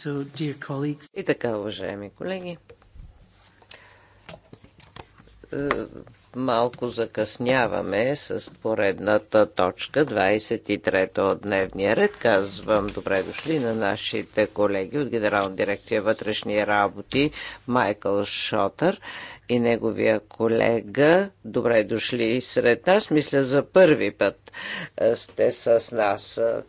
So, И така, уважаеми колеги, е, малко закъсняваме с поредната точка, 23-та от дневния ред. Казвам добре дошли на нашите колеги от Генерална дирекция вътрешни работи Майкъл Шотър и неговия колега. Добре дошли сред нас. Мисля, за първи път е, сте с нас. Е,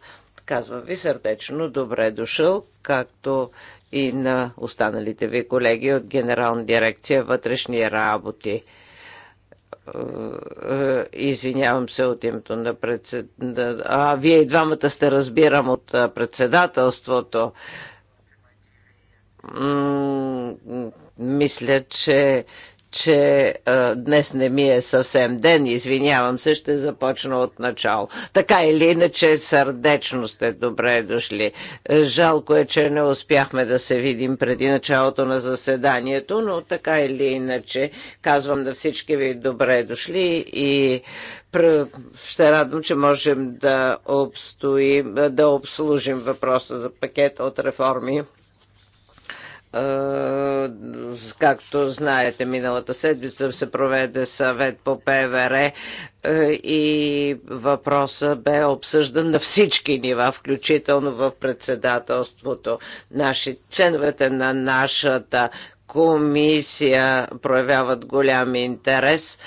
Казвам ви сърдечно добре дошъл, както и на останалите ви колеги от Генерална дирекция вътрешни работи. Е, е, извинявам се от името на председател. А, вие и двамата сте разбирам от е, председателството мисля, че че а, днес не ми е съвсем ден, извинявам се, ще започна от начало. Така или иначе, сърдечно сте добре дошли. Жалко е, че не успяхме да се видим преди началото на заседанието, но така или иначе, казвам на да всички ви добре дошли и ще радвам, че можем да, обстоим, да обслужим въпроса за пакет от реформи Както знаете, миналата седмица се проведе съвет по ПВР е, и въпроса бе обсъждан на всички нива, включително в председателството. Наши членовете на нашата комисия проявяват голям интерес.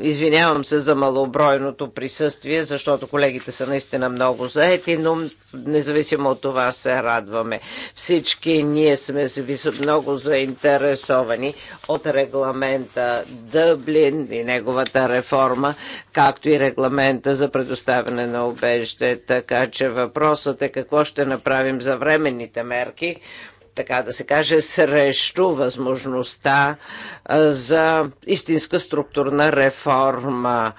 Извинявам се за малобройното присъствие, защото колегите са наистина много заети, но независимо от това се радваме. Всички ние сме много заинтересовани от регламента Дъблин и неговата реформа, както и регламента за предоставяне на обежде. Така че въпросът е какво ще направим за временните мерки, така да се каже, срещу възможността за истинска структурна реформа.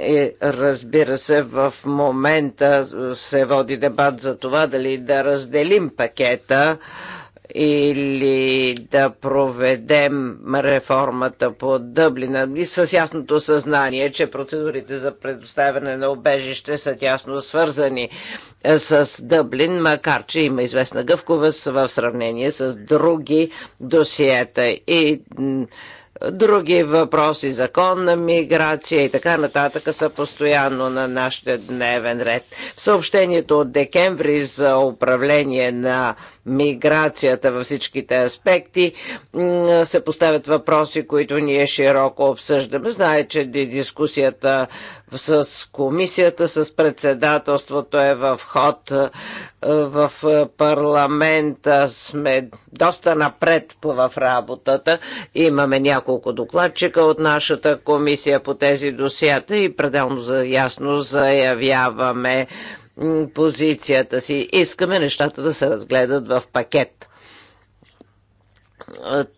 И разбира се, в момента се води дебат за това дали да разделим пакета или да проведем реформата по Дъблина и с ясното съзнание, че процедурите за предоставяне на обежище са тясно свързани е, с Дъблин, макар че има известна гъвковост в сравнение с други досиета. И Други въпроси, законна миграция и така нататък са постоянно на нашия дневен ред. В съобщението от декември за управление на миграцията във всичките аспекти се поставят въпроси, които ние широко обсъждаме. Знае, че дискусията с комисията, с председателството е в ход. Е, в е, парламента сме доста напред в работата. Имаме няколко докладчика от нашата комисия по тези досията и пределно ясно заявяваме позицията си. Искаме нещата да се разгледат в пакет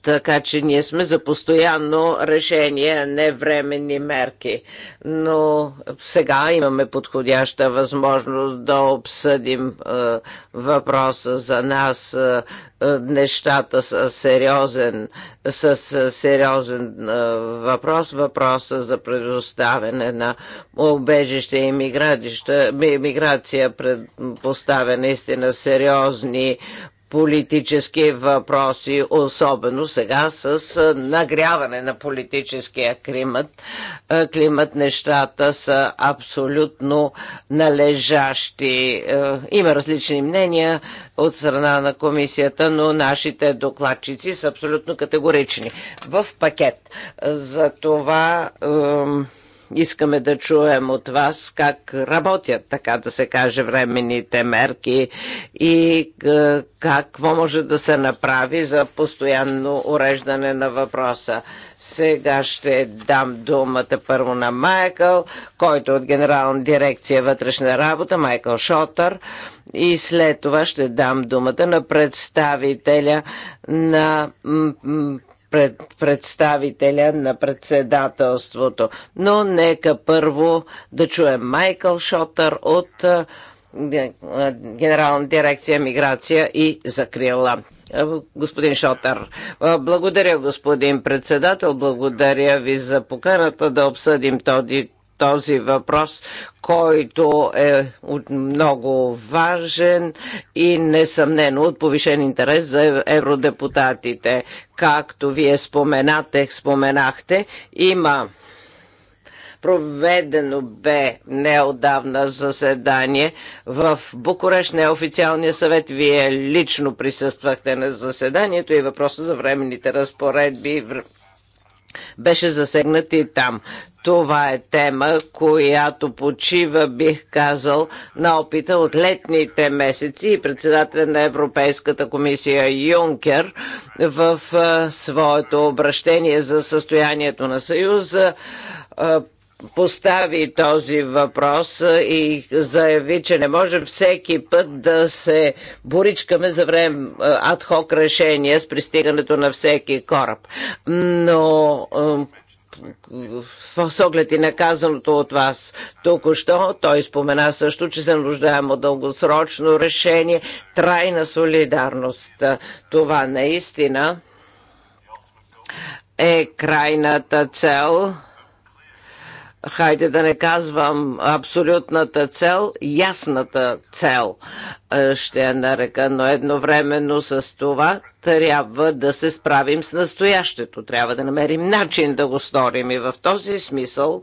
така че ние сме за постоянно решение, а не временни мерки. Но сега имаме подходяща възможност да обсъдим е, въпроса за нас, е, е нещата с сериозен, с сериозен е, въпрос, въпроса за предоставяне на убежище и миграция, предпоставя наистина сериозни политически въпроси, особено сега с нагряване на политическия климат. Климат нещата са абсолютно належащи. Има различни мнения от страна на комисията, но нашите докладчици са абсолютно категорични в пакет. За това Искаме да чуем от вас как работят, така да се каже, временните мерки и е, какво може да се направи за постоянно уреждане на въпроса. Сега ще дам думата първо на Майкъл, който е от Генерална дирекция вътрешна работа, Майкъл Шотър, и след това ще дам думата на представителя на пред представителя на председателството. Но нека първо да чуем Майкъл Шотър от Генерална дирекция Миграция и закрила. Господин Шотър, благодаря господин председател, благодаря ви за поканата да обсъдим този този въпрос, който е много важен и несъмнено от повишен интерес за евродепутатите. Както вие споменате, споменахте, има проведено бе неодавна заседание в Букурещ, неофициалния съвет. Вие лично присъствахте на заседанието и въпроса за временните разпоредби беше засегнат и там. Това е тема, която почива, бих казал, на опита от летните месеци и председателя на Европейската комисия Юнкер в своето обращение за състоянието на Съюза постави този въпрос и заяви, че не може всеки път да се боричкаме за време адхок решение с пристигането на всеки кораб. Но с оглед и наказаното от вас току-що, той спомена също, че се нуждаем от дългосрочно решение, трайна солидарност. Това наистина е крайната цел – хайде да не казвам абсолютната цел, ясната цел е, ще я нарека, но едновременно с това трябва да се справим с настоящето. Трябва да намерим начин да го сторим и в този смисъл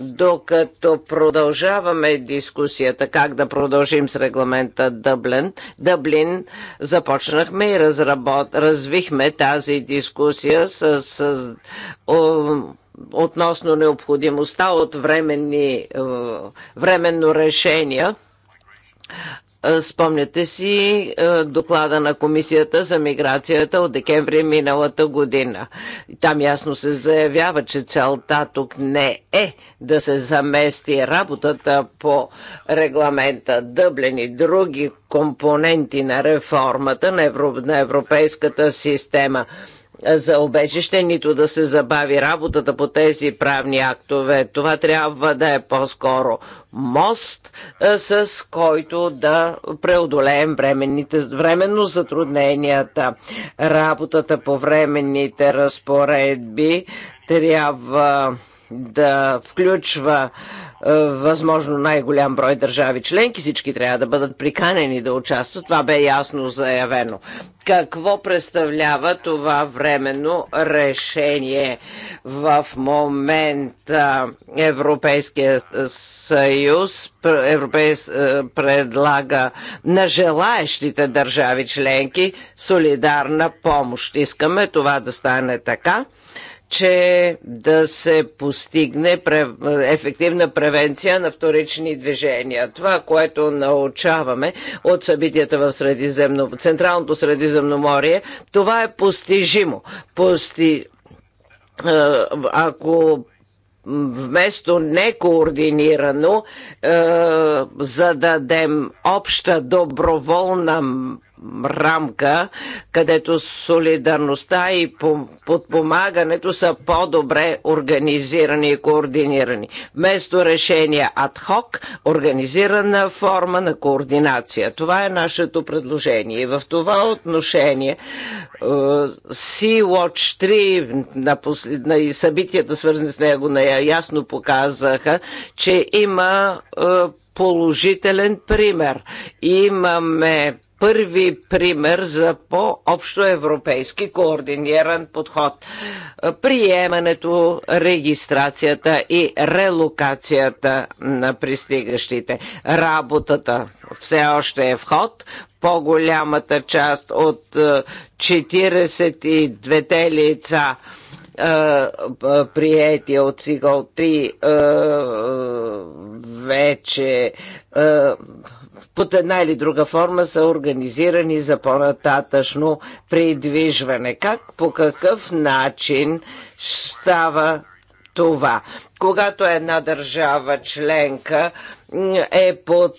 докато продължаваме дискусията как да продължим с регламента Дъблин, Дъблин започнахме и разработ... развихме тази дискусия с, с о, относно необходимостта от временни, е, временно решение. Спомняте си е, доклада на Комисията за миграцията от декември миналата година. Там ясно се заявява, че целта тук не е да се замести работата по регламента Дъблен и други компоненти на реформата на, Европейската система за обежище, нито да се забави работата по тези правни актове. Това трябва да е по-скоро мост, е, с който да преодолеем временните, временно затрудненията. Работата по временните разпоредби трябва да включва е, възможно най-голям брой държави членки. Всички трябва да бъдат приканени да участват. Това бе ясно заявено. Какво представлява това временно решение? В момента Европейския съюз Европейс, е, предлага на желаещите държави членки солидарна помощ. Искаме това да стане така че да се постигне ефективна превенция на вторични движения. Това, което научаваме от събитията в Средиземно, Централното Средиземноморие, това е постижимо. Пости... Ако вместо некоординирано зададем обща доброволна рамка, където солидарността и подпомагането са по-добре организирани и координирани. Вместо решение адхок, организирана форма на координация. Това е нашето предложение. И в това отношение е, Sea-Watch 3 на, последна, и събитията, свързани с него, ясно показаха, че има е, положителен пример. Имаме първи пример за по-общоевропейски координиран подход. Приемането, регистрацията и релокацията на пристигащите. Работата все още е в ход. По-голямата част от 42 е, лица е, е, приети от Сигал 3 вече под една или друга форма са организирани за по-нататъчно придвижване. Как, по какъв начин става това? Когато една държава членка е под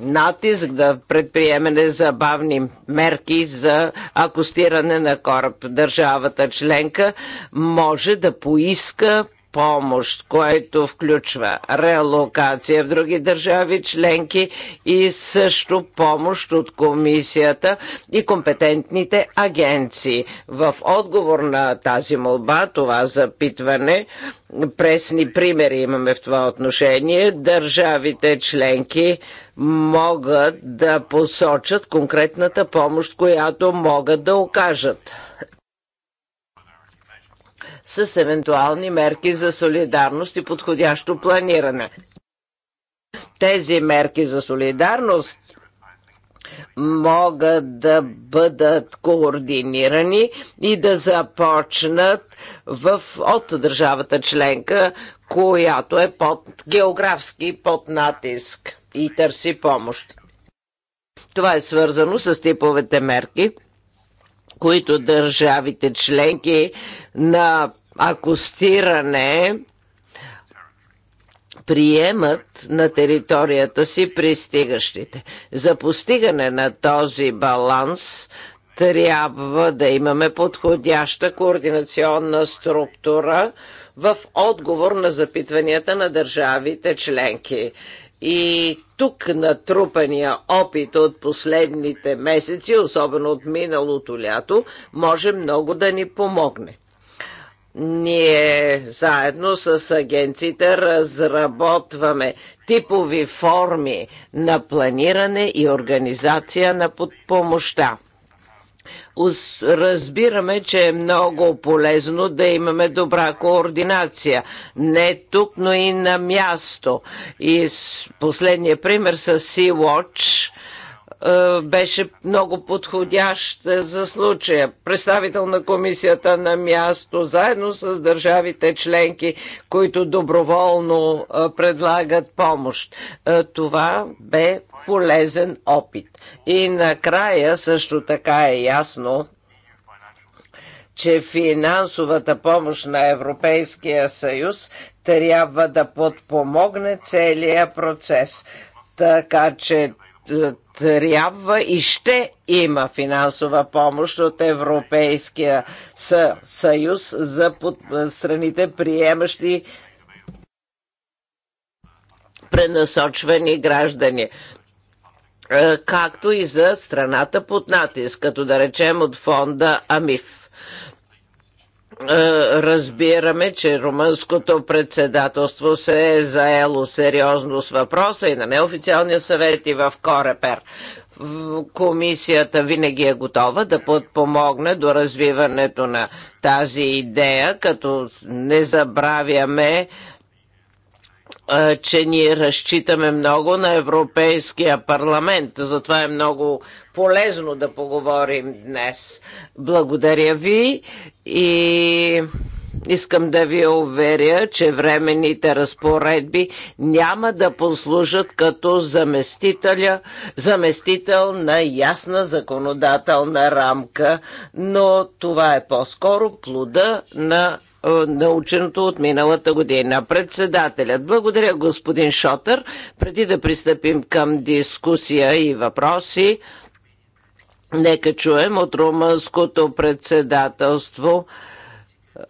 натиск да предприеме незабавни мерки за акустиране на кораб. Държавата членка може да поиска помощ, което включва релокация в други държави членки и също помощ от комисията и компетентните агенции. В отговор на тази молба, това запитване, пресни примери имаме в това отношение, държавите членки могат да посочат конкретната помощ, която могат да окажат с евентуални мерки за солидарност и подходящо планиране. Тези мерки за солидарност могат да бъдат координирани и да започнат в, от държавата членка, която е под, географски под натиск и търси помощ. Това е свързано с типовете мерки – които държавите членки на акустиране приемат на територията си пристигащите. За постигане на този баланс трябва да имаме подходяща координационна структура в отговор на запитванията на държавите членки. И тук натрупания опит от последните месеци, особено от миналото лято, може много да ни помогне. Ние заедно с агенциите разработваме типови форми на планиране и организация на помощта. Разбираме, че е много полезно да имаме добра координация. Не тук, но и на място. И последния пример с Sea-Watch – е, беше много подходящ е, за случая. Представител на комисията на място, заедно с държавите членки, които доброволно е, предлагат помощ. Това бе полезен опит. И накрая също така е ясно, че финансовата помощ на Европейския съюз трябва да подпомогне целия процес. Така че трябва и ще има финансова помощ от Европейския съюз за страните приемащи пренасочвани граждани както и за страната под натиск, като да речем от фонда АМИФ. Е, разбираме, че румънското председателство се е заело сериозно с въпроса и на неофициалния съвет и в Корепер. Комисията винаги е готова да подпомогне до развиването на тази идея, като не забравяме, че ние разчитаме много на Европейския парламент. Затова е много полезно да поговорим днес. Благодаря ви и искам да ви уверя, че временните разпоредби няма да послужат като заместителя, заместител на ясна законодателна рамка, но това е по-скоро плода на е, наученото от миналата година. Председателят, благодаря господин Шотър. Преди да пристъпим към дискусия и въпроси, нека чуем от румънското председателство е,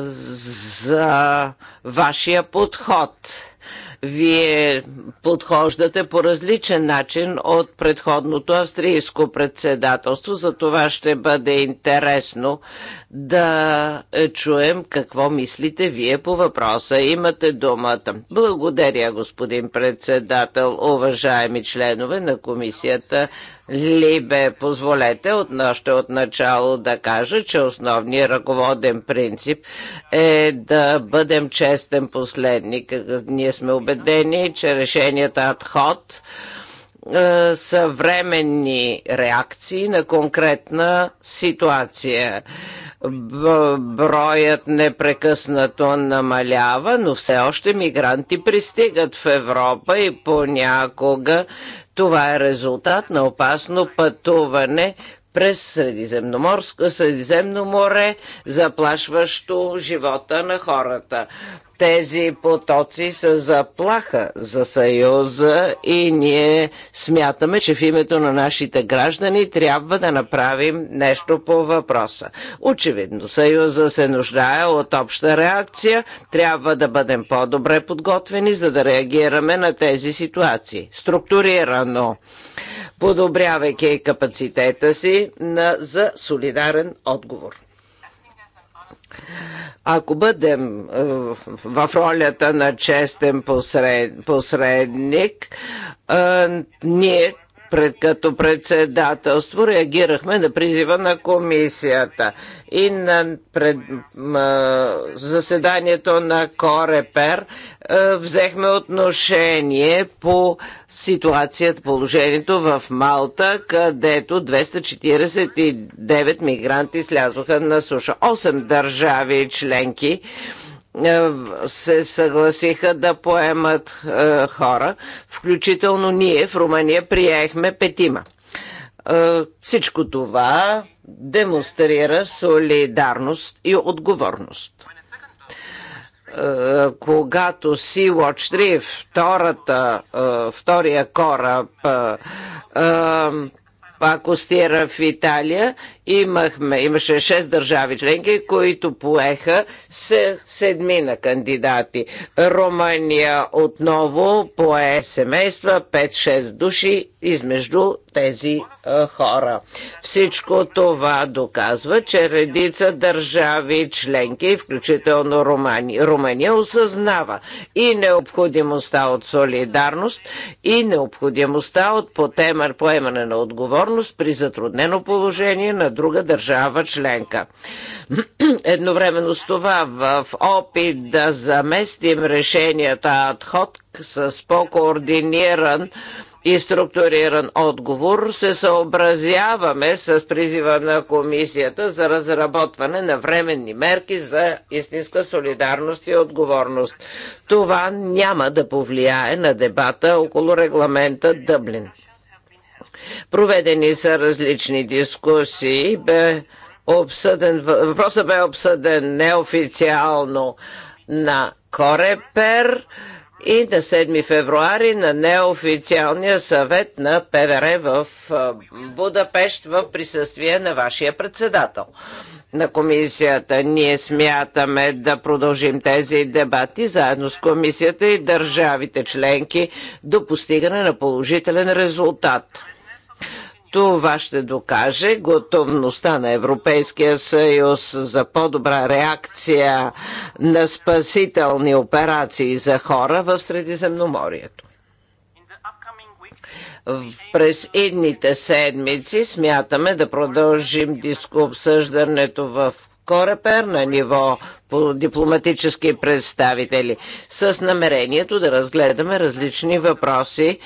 за вашия подход вие подхождате по различен начин от предходното австрийско председателство. За това ще бъде интересно да е, чуем какво мислите вие по въпроса. Имате думата. Благодаря, господин председател, уважаеми членове на комисията Либе, позволете от, нашето от начало да кажа, че основният ръководен принцип е да бъдем честен последник. Ние сме убедени, че решенията адход ход е, съвременни реакции на конкретна ситуация. Броят непрекъснато намалява, но все още мигранти пристигат в Европа и понякога това е резултат на опасно пътуване, през Средиземноморско, Средиземно море, заплашващо живота на хората. Тези потоци са заплаха за Съюза и ние смятаме, че в името на нашите граждани трябва да направим нещо по въпроса. Очевидно, Съюза се нуждае от обща реакция, трябва да бъдем по-добре подготвени, за да реагираме на тези ситуации. Структурирано подобрявайки капацитета си на, за солидарен отговор. Ако бъдем е, в ролята на честен посред, посредник, е, ние пред, като председателство реагирахме на призива на комисията и на пред, а, заседанието на Корепер взехме отношение по ситуацията, положението в Малта, където 249 мигранти слязоха на суша. 8 държави членки а, е, се съгласиха да поемат е, хора, включително ние в Румъния приехме петима. Е, всичко това демонстрира солидарност и отговорност. когато Sea-Watch 3, втората, втория кораб, акостира в Италия Имахме, имаше 6 държави членки, които поеха с седмина кандидати. Румъния отново пое семейства, 5-6 души измежду тези а, хора. Всичко това доказва, че редица държави членки, включително Румани, Румъния, осъзнава и необходимостта от солидарност, и необходимостта от потемър, поемане на отговорност при затруднено положение на друга държава членка. Едновременно с това, в опит да заместим решенията адход с по-координиран и структуриран отговор се съобразяваме с призива на комисията за разработване на временни мерки за истинска солидарност и отговорност. Това няма да повлияе на дебата около регламента Дъблин. Проведени са различни дискусии. Бе обсъден, въпросът бе обсъден неофициално на Корепер и на 7 февруари на неофициалния съвет на ПВР в Будапешт в присъствие на вашия председател на комисията. Ние смятаме да продължим тези дебати заедно с комисията и държавите членки до постигане на положителен резултат. Това ще докаже готовността на Европейския съюз за по-добра реакция на спасителни операции за хора в Средиземноморието през идните седмици смятаме да продължим диско обсъждането в Корепер на ниво по дипломатически представители с намерението да разгледаме различни въпроси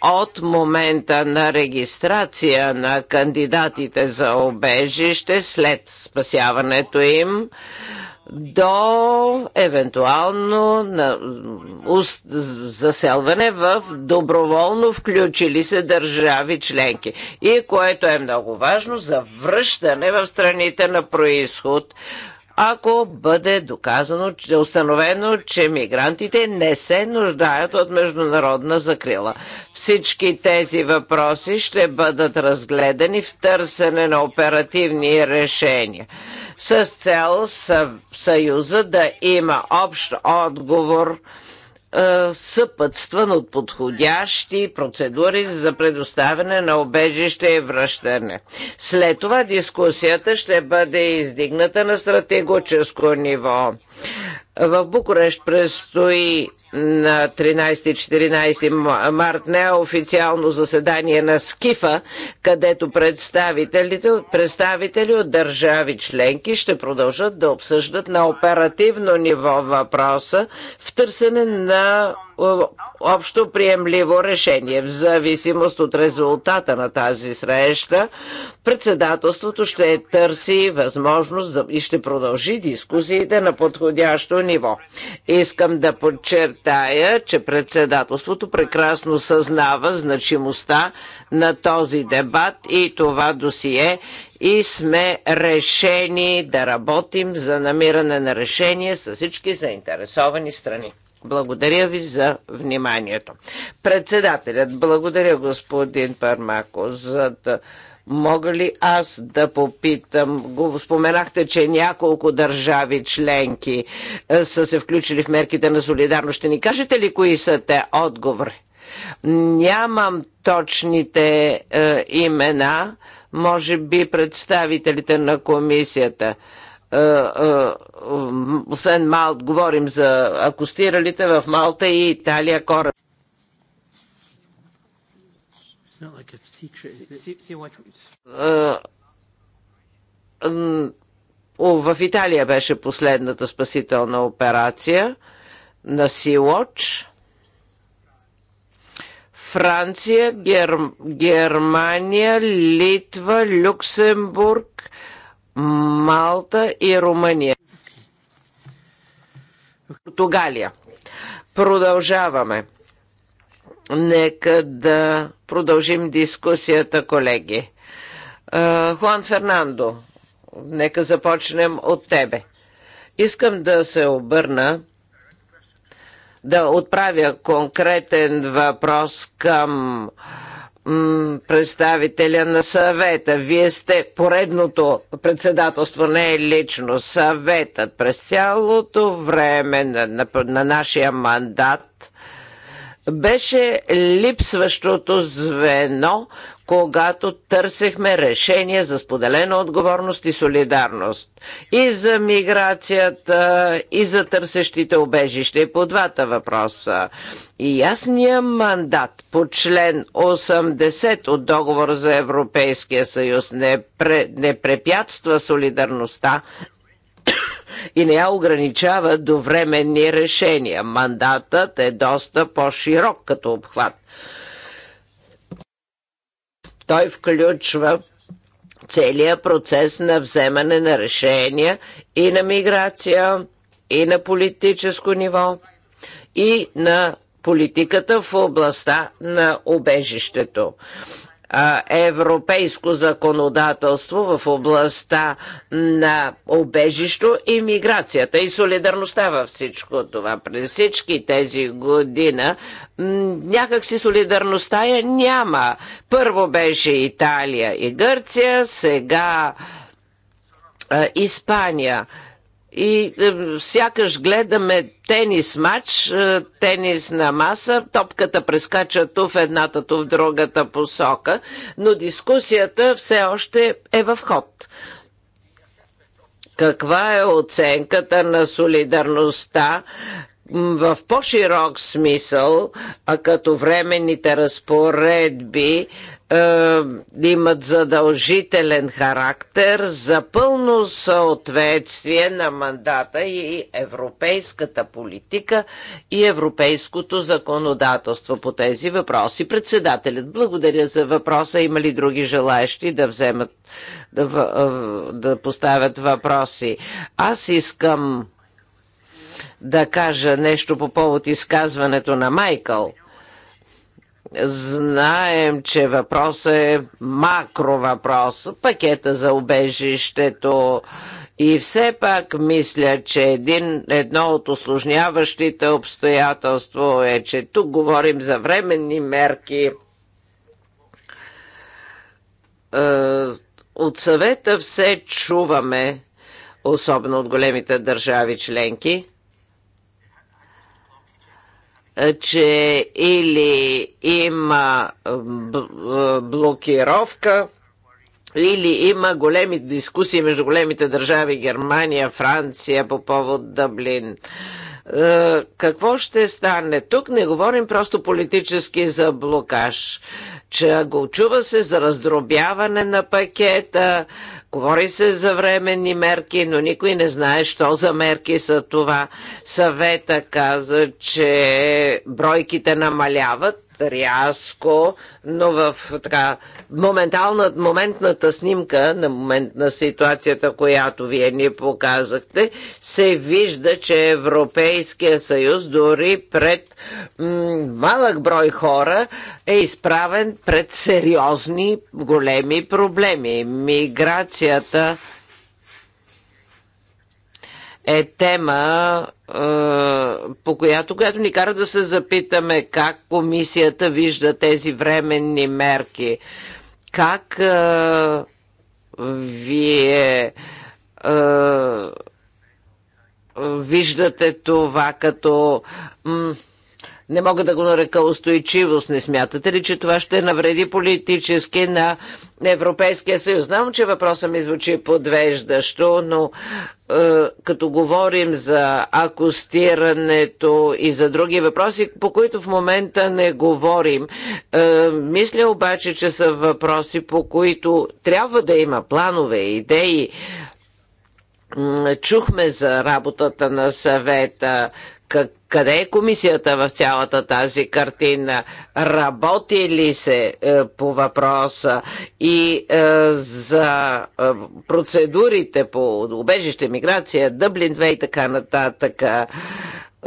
от момента на регистрация на кандидатите за обежище след спасяването им до евентуално на уст, заселване в доброволно включили се държави членки. И което е много важно, за връщане в страните на происход ако бъде доказано, че установено, че мигрантите не се нуждаят от международна закрила. Всички тези въпроси ще бъдат разгледани в търсене на оперативни решения с цел Съюза да има общ отговор е, съпътстван от подходящи процедури за предоставяне на обежище и връщане. След това дискусията ще бъде издигната на стратегическо ниво. В Букурещ предстои на 13-14 март неофициално заседание на СКИФА, където представителите, представители от държави членки ще продължат да обсъждат на оперативно ниво въпроса в търсене на е, общо приемливо решение. В зависимост от резултата на тази среща, председателството ще търси възможност и ще продължи дискусиите на подходящо ниво. Искам да подчертая, че председателството прекрасно съзнава значимостта на този дебат и това досие и сме решени да работим за намиране на решение с всички заинтересовани страни. Благодаря ви за вниманието. Председателят, благодаря господин Пармако за да Мога ли аз да попитам? Го споменахте, че няколко държави членки е, са се включили в мерките на солидарност. Ще ни кажете ли кои са те? Отговори. Нямам точните е, имена, може би представителите на комисията. Е, е, освен Малт, говорим за акустиралите в Малта и Италия кораб. Е, в Италия беше последната спасителна операция на Sea-Watch. Франция, Гер... Германия, Литва, Люксембург, Малта и Румъния. Португалия. Продължаваме. Нека да продължим дискусията, колеги. Хуан Фернандо, нека започнем от тебе. Искам да се обърна да отправя конкретен въпрос към представителя на съвета. Вие сте поредното председателство, не е лично. Съветът през цялото време на, на, на нашия мандат беше липсващото звено, когато търсехме решение за споделена отговорност и солидарност. И за миграцията, и за търсещите обежище, и по двата въпроса. И ясния мандат по член 80 от Договор за Европейския съюз не, пре, не препятства солидарността и не я ограничава до временни решения. Мандатът е доста по-широк като обхват. Той включва целият процес на вземане на решения и на миграция, и на политическо ниво, и на политиката в областта на убежището европейско законодателство в областта на обежището и миграцията и солидарността във всичко това. През всички тези година някакси солидарността я няма. Първо беше Италия и Гърция, сега Испания и е, сякаш гледаме тенис матч, е, тенис на маса, топката прескача ту в едната, ту в другата посока, но дискусията все още е в ход. Каква е оценката на солидарността в по-широк смисъл, а като временните разпоредби е, имат задължителен характер за пълно съответствие на мандата и европейската политика и европейското законодателство по тези въпроси. Председателят, благодаря за въпроса. Има ли други желаещи да вземат, да, да поставят въпроси? Аз искам да кажа нещо по повод изказването на Майкъл. Знаем, че въпросът е макро въпрос, пакета за убежището и все пак мисля, че един, едно от осложняващите обстоятелство е, че тук говорим за временни мерки. Е, от съвета все чуваме, особено от големите държави членки – че или има блокировка, или има големи дискусии между големите държави Германия, Франция по повод Дъблин какво ще стане. Тук не говорим просто политически за блокаж че го чува се за раздробяване на пакета, говори се за временни мерки, но никой не знае, що за мерки са това. Съвета каза, че бройките намаляват рязко, но в така моментална, моментната снимка на момент на ситуацията, която вие ни показахте, се вижда, че Европейския съюз дори пред малък брой хора е изправен пред сериозни големи проблеми. Миграцията е тема, по която, която ни кара да се запитаме как комисията вижда тези временни мерки. Как а, вие а, виждате това като м? не мога да го нарека устойчивост. Не смятате ли, че това ще навреди политически на Европейския съюз? Знам, че въпросът ми звучи подвеждащо, но е, като говорим за акустирането и за други въпроси, по които в момента не говорим, е, мисля обаче, че са въпроси, по които трябва да има планове, идеи, чухме за работата на съвета, как, къде е комисията в цялата тази картина? Работи ли се е, по въпроса и е, за е, процедурите по убежище, миграция, Дъблин 2 и така нататък? Е,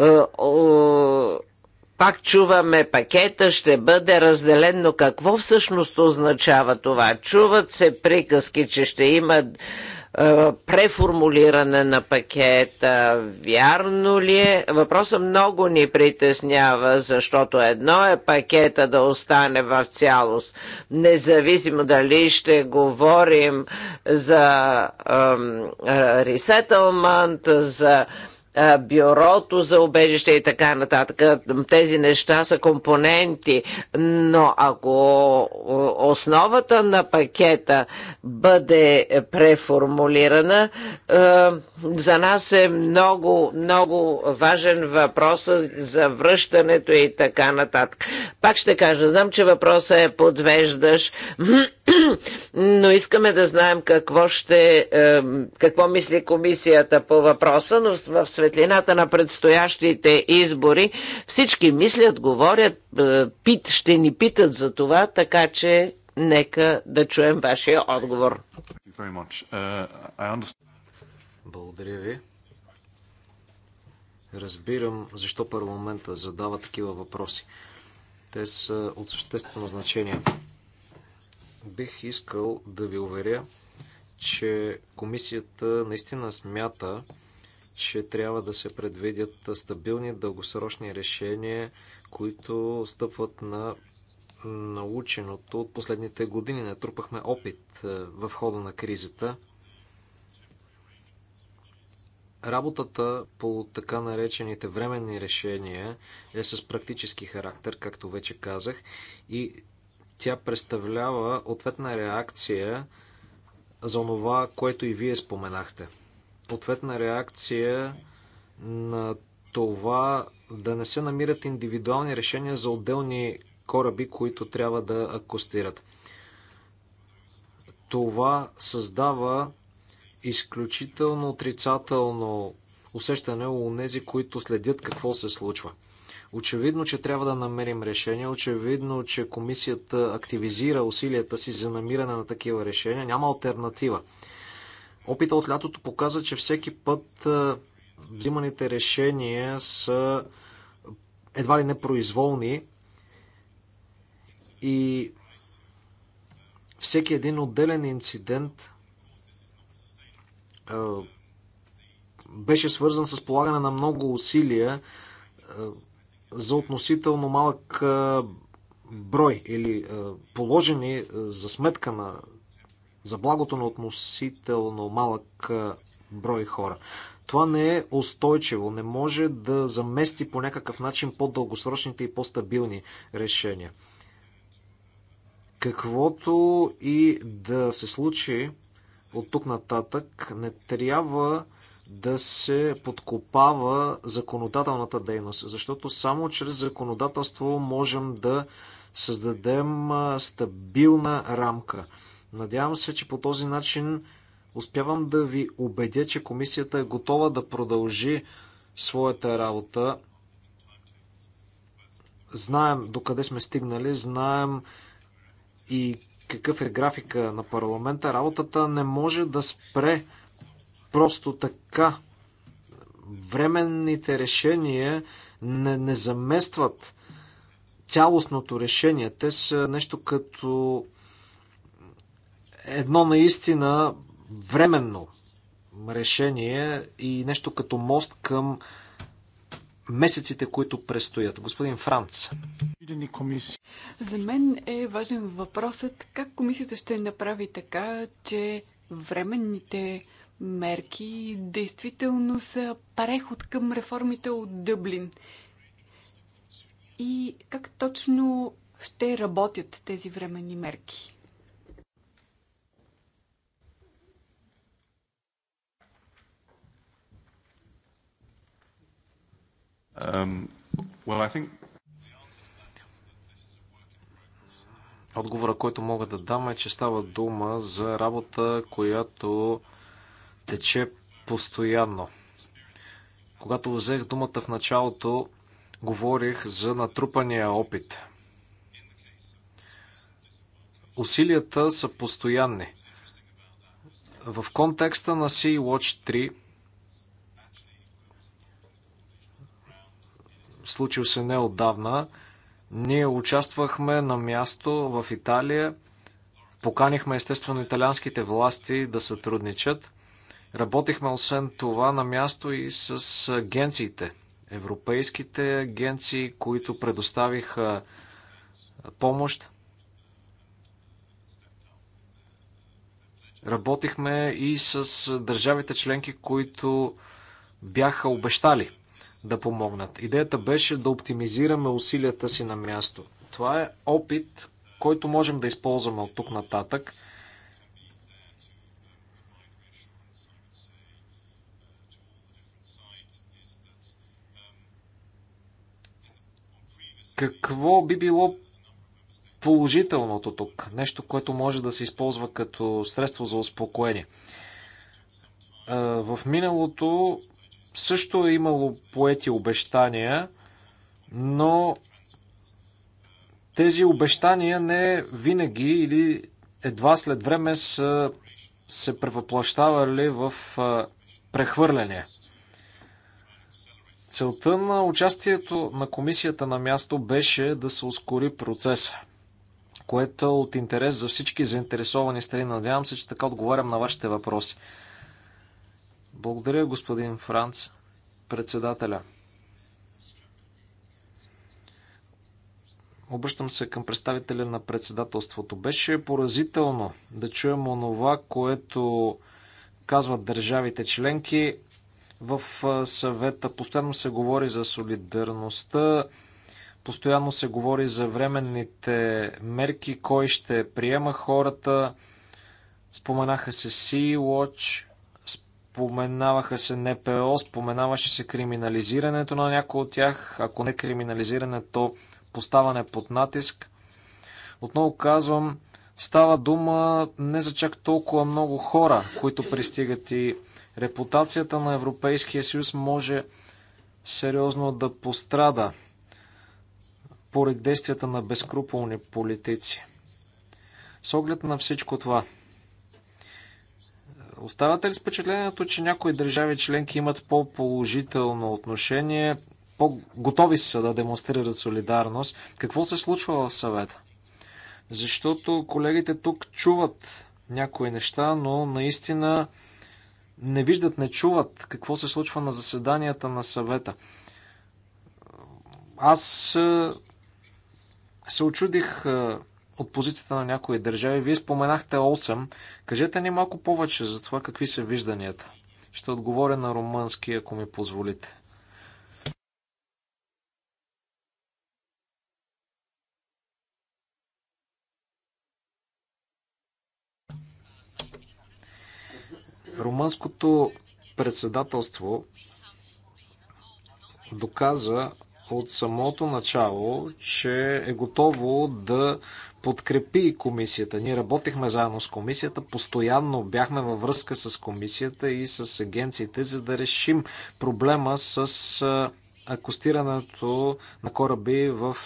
е, пак чуваме пакета ще бъде разделен, но какво всъщност означава това? Чуват се приказки, че ще има е, преформулиране на пакета. Вярно ли е? Въпросът много ни притеснява, защото едно е пакета да остане в цялост. Независимо дали ще говорим за ресетълмент, за бюрото за убежище и така нататък. Тези неща са компоненти, но ако основата на пакета бъде преформулирана, за нас е много, много важен въпрос за връщането и така нататък. Пак ще кажа, знам, че въпросът е подвеждаш, но искаме да знаем какво ще, е, какво мисли комисията по въпроса, но в светлината на предстоящите избори всички мислят, говорят, е, пит, ще ни питат за това, така че нека да чуем вашия отговор. Uh, Благодаря ви. Разбирам защо парламента задава такива въпроси. Те са от съществено значение. Бих искал да ви уверя, че комисията наистина смята, че трябва да се предвидят стабилни дългосрочни решения, които стъпват на наученото от последните години. Натрупахме опит е, в хода на кризата. Работата по така наречените временни решения е с практически характер, както вече казах, и тя представлява ответна реакция за това, което и вие споменахте – ответна реакция на това да не се намират индивидуални решения за отделни кораби, които трябва да акостират. Това създава изключително отрицателно усещане у нези, които следят какво се случва. Очевидно, че трябва да намерим решение. Очевидно, че комисията активизира усилията си за намиране на такива решения. Няма альтернатива. Опита от лятото показа, че всеки път е, взиманите решения са едва ли непроизволни, и всеки един отделен инцидент е, беше свързан с полагане на много усилия е, за относително малък брой или положени за сметка на за благото на относително малък брой хора. Това не е устойчиво, не може да замести по някакъв начин по-дългосрочните и по-стабилни решения. Каквото и да се случи от тук нататък, не трябва да се подкопава законодателната дейност, защото само чрез законодателство можем да създадем стабилна рамка Надявам се, че по този начин успявам да ви убедя, че комисията е готова да продължи своята работа. Знаем докъде сме стигнали, знаем и какъв е графика на парламента. Работата не може да спре просто така. Временните решения не, не заместват цялостното решение. Те са нещо като едно наистина временно решение и нещо като мост към месеците, които предстоят. Господин Франц. За мен е важен въпросът как комисията ще направи така, че временните мерки действително са преход към реформите от Дъблин. И как точно ще работят тези временни мерки? Um, well, I think... Отговора, който мога да дам е, че става дума за работа, която тече постоянно. Когато взех думата в началото, говорих за натрупания опит. Усилията са постоянни. В контекста на Sea Watch 3 случил се отдавна. Ние участвахме на място в Италия. Поканихме естествено италианските власти да сътрудничат. Работихме освен това на място и с агенциите, европейските агенции, които предоставиха помощ. Работихме и с държавите членки, които бяха обещали да помогнат. Идеята беше да оптимизираме усилията си на място. Това е опит, който можем да използваме от тук нататък. Какво би било положителното тук? Нещо, което може да се използва като средство за успокоение. Е, в миналото също е имало поети обещания, но тези обещания не винаги или едва след време са се превъплащавали в прехвърляне. Целта на участието на комисията на място беше да се ускори процеса, което е от интерес за всички заинтересовани страни. Надявам се, че така отговарям на вашите въпроси. Благодаря, господин Франц, председателя. Обръщам се към представителя на председателството. Беше поразително да чуем онова, което казват държавите членки в съвета. Постоянно се говори за солидарността, постоянно се говори за временните мерки, кой ще приема хората. Споменаха се Sea-Watch. Споменаваха се НПО, споменаваше се криминализирането на някои от тях, ако не криминализирането, поставане под натиск. Отново казвам, става дума не за чак толкова много хора, които пристигат и репутацията на Европейския съюз може сериозно да пострада поред действията на безкруполни политици. С оглед на всичко това, Оставате ли с впечатлението, че някои държави членки имат по-положително отношение, по-готови са да демонстрират солидарност? Какво се случва в съвета? Защото колегите тук чуват някои неща, но наистина не виждат, не чуват какво се случва на заседанията на съвета. Аз е, се очудих е, от позицията на някои държави. Вие споменахте 8. Кажете ни малко повече за това какви са вижданията. Ще отговоря на румънски, ако ми позволите. Румънското председателство доказа от самото начало, че е готово да подкрепи комисията. Ние работехме заедно с комисията, постоянно бяхме във връзка с комисията и с агенциите, за да решим проблема с акустирането на кораби в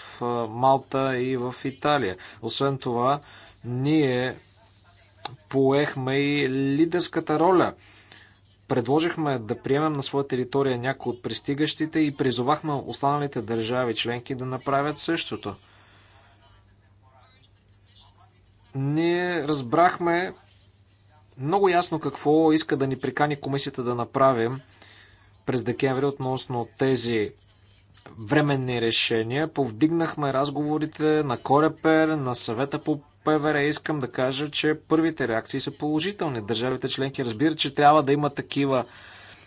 Малта и в Италия. Освен това, ние поехме и лидерската роля. Предложихме да приемем на своя територия някои от пристигащите и призовахме останалите държави членки да направят същото. Ние разбрахме много ясно какво иска да ни прикани комисията да направим през декември относно тези временни решения. Повдигнахме разговорите на Корепер, на съвета по ПВР. Искам да кажа, че първите реакции са положителни. Държавите членки разбират, че трябва да има такива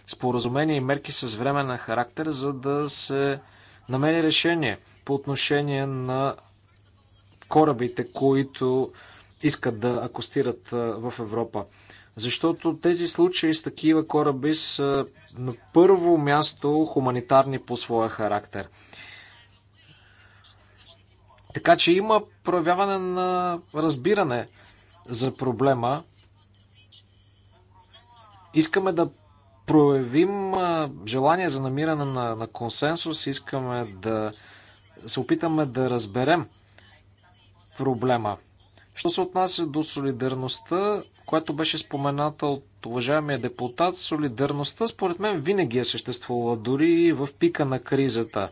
споразумения и мерки с временен характер, за да се намери решение по отношение на корабите, които искат да акостират в Европа. Защото тези случаи с такива кораби са на първо място хуманитарни по своя характер. Така че има проявяване на разбиране за проблема. Искаме да проявим желание за намиране на, на консенсус, искаме да се опитаме да разберем проблема. Що се отнася до солидарността, която беше спомената от уважаемия депутат, солидарността според мен винаги е съществувала, дори и в пика на кризата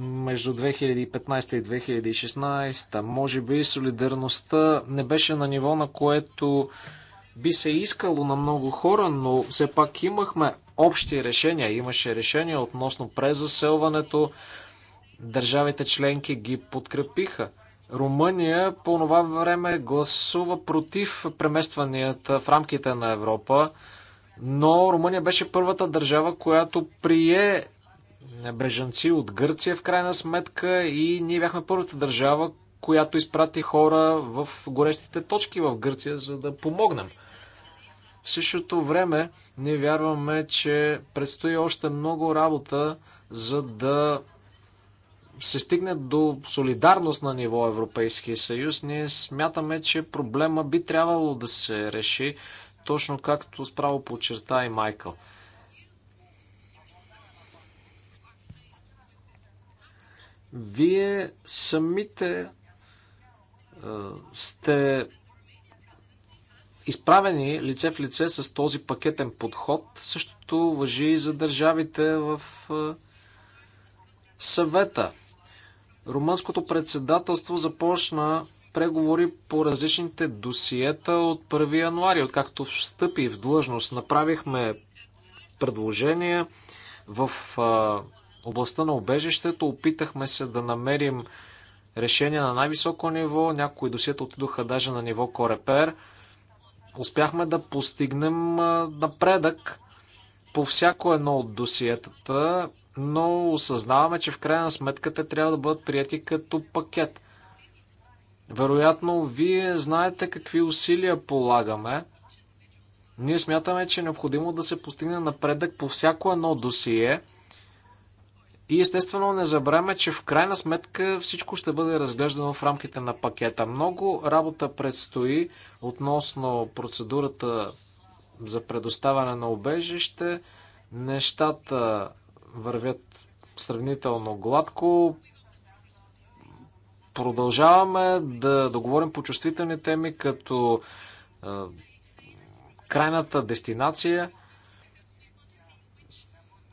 между 2015 и 2016. Може би солидарността не беше на ниво, на което би се искало на много хора, но все пак имахме общи решения. Имаше решения относно презаселването. Държавите членки ги подкрепиха. Румъния по това време гласува против преместванията в рамките на Европа, но Румъния беше първата държава, която прие бежанци от Гърция в крайна сметка и ние бяхме първата държава, която изпрати хора в горещите точки в Гърция, за да помогнем. В същото време ние вярваме, че предстои още много работа, за да се стигне до солидарност на ниво Европейския съюз, ние смятаме, че проблема би трябвало да се реши, точно както справо подчерта и Майкъл. Вие самите е, сте изправени лице в лице с този пакетен подход. Същото въжи и за държавите в е, съвета. Румънското председателство започна преговори по различните досиета от 1 януари, откакто встъпи в длъжност. Направихме предложения в областта на обежището, опитахме се да намерим решение на най-високо ниво, някои досиета отидоха даже на ниво Корепер. Успяхме да постигнем напредък по всяко едно от досиетата но осъзнаваме, че в крайна сметка те трябва да бъдат прияти като пакет. Вероятно, вие знаете какви усилия полагаме. Ние смятаме, че е необходимо да се постигне напредък по всяко едно досие. И естествено не забравяме, че в крайна сметка всичко ще бъде разглеждано в рамките на пакета. Много работа предстои относно процедурата за предоставяне на обежище. Нещата вървят сравнително гладко. Продължаваме да, да говорим по чувствителни теми, като е, крайната дестинация.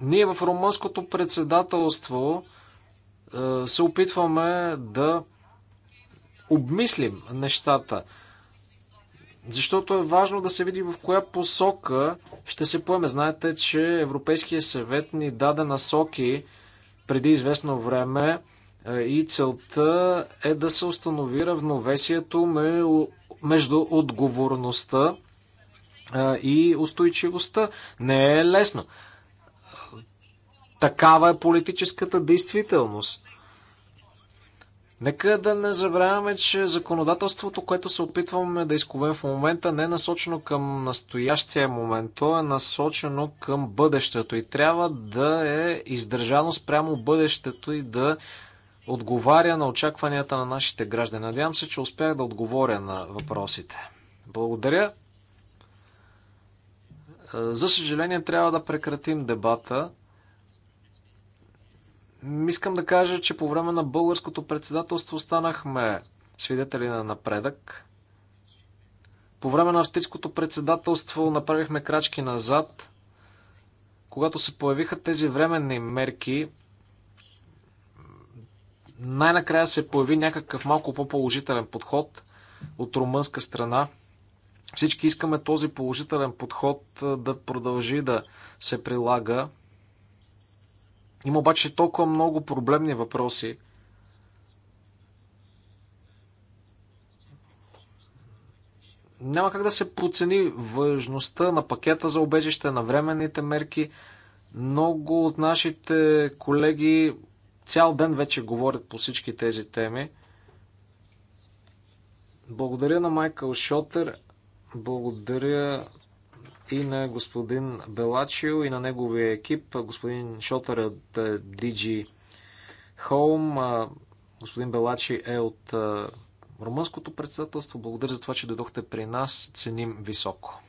Ние в румънското председателство е, се опитваме да обмислим нещата. Защото е важно да се види в коя посока ще се поеме. Знаете, че Европейския съвет ни даде насоки преди известно време е, и целта е да се установи равновесието между отговорността е, и устойчивостта. Не е лесно. Такава е политическата действителност. Нека да не забравяме, че законодателството, което се опитваме да изковем в момента, не е насочено към настоящия момент, то е насочено към бъдещето и трябва да е издържано спрямо бъдещето и да отговаря на очакванията на нашите граждани. Надявам се, че успях да отговоря на въпросите. Благодаря. За съжаление, трябва да прекратим дебата. Искам да кажа, че по време на българското председателство станахме свидетели на напредък. По време на австрийското председателство направихме крачки назад. Когато се появиха тези временни мерки, най-накрая се появи някакъв малко по-положителен подход от румънска страна. Всички искаме този положителен подход да продължи да се прилага има обаче толкова много проблемни въпроси. Няма как да се процени важността на пакета за обежище, на временните мерки. Много от нашите колеги цял ден вече говорят по всички тези теми. Благодаря на Майкъл Шотер. Благодаря и на господин Белачио и на неговия екип, господин Шотър от DG е, Home. Господин Белачи е от е, румънското председателство. Благодаря за това, че дойдохте при нас. Ценим високо.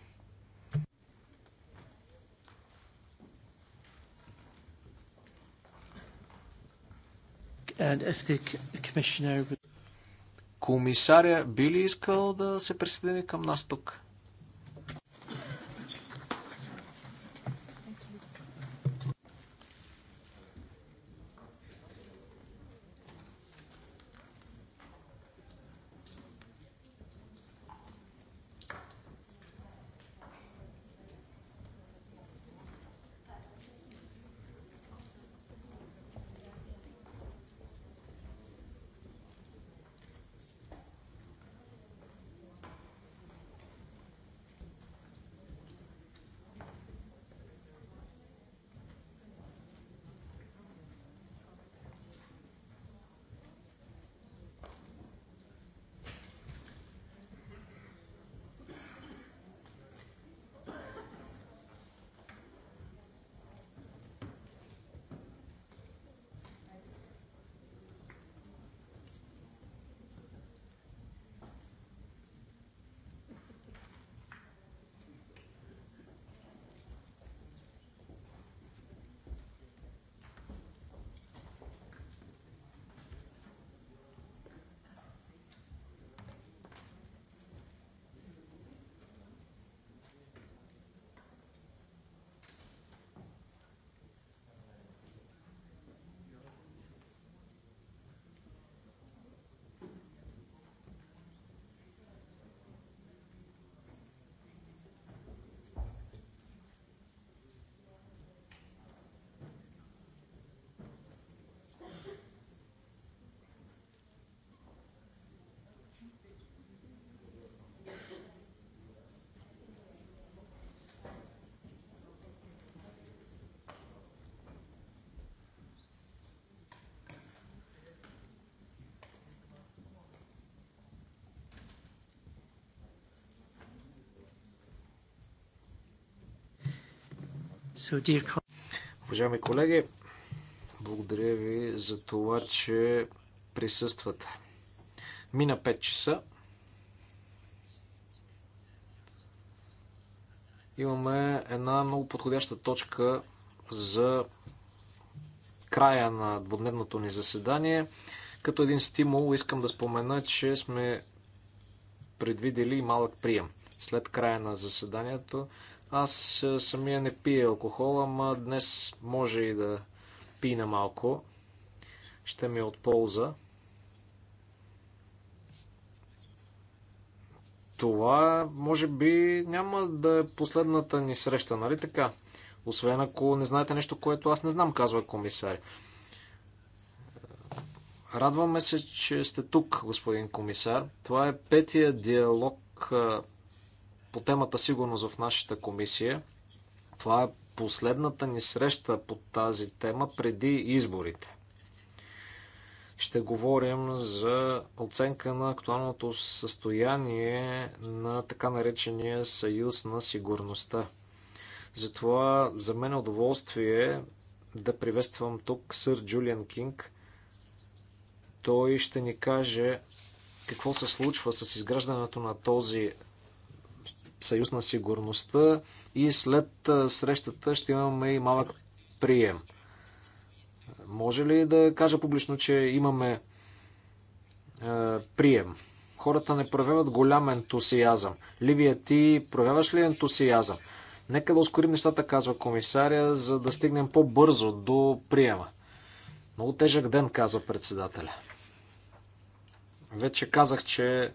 Комисаря би ли искал да се присъедини към нас тук? Уважаеми колеги, благодаря ви за това, че присъствате. Мина 5 часа. Имаме една много подходяща точка за края на двудневното ни заседание. Като един стимул искам да спомена, че сме предвидели малък прием след края на заседанието. Аз самия не пия алкохол, ама днес може и да пина малко. Ще ми е от полза. Това, може би, няма да е последната ни среща, нали така? Освен ако не знаете нещо, което аз не знам, казва комисар. Радваме се, че сте тук, господин комисар. Това е петия диалог по темата сигурност в нашата комисия. Това е последната ни среща по тази тема преди изборите. Ще говорим за оценка на актуалното състояние на така наречения съюз на сигурността. Затова за мен е удоволствие да приветствам тук сър Джулиан Кинг. Той ще ни каже какво се случва с изграждането на този съюз на сигурността и след срещата ще имаме и малък прием. Може ли да кажа публично, че имаме е, прием? Хората не проявяват голям ентусиазъм. Ливия, ти проявяваш ли ентусиазъм? Нека да ускорим нещата, казва комисаря, за да стигнем по-бързо до приема. Много тежък ден, казва председателя. Вече казах, че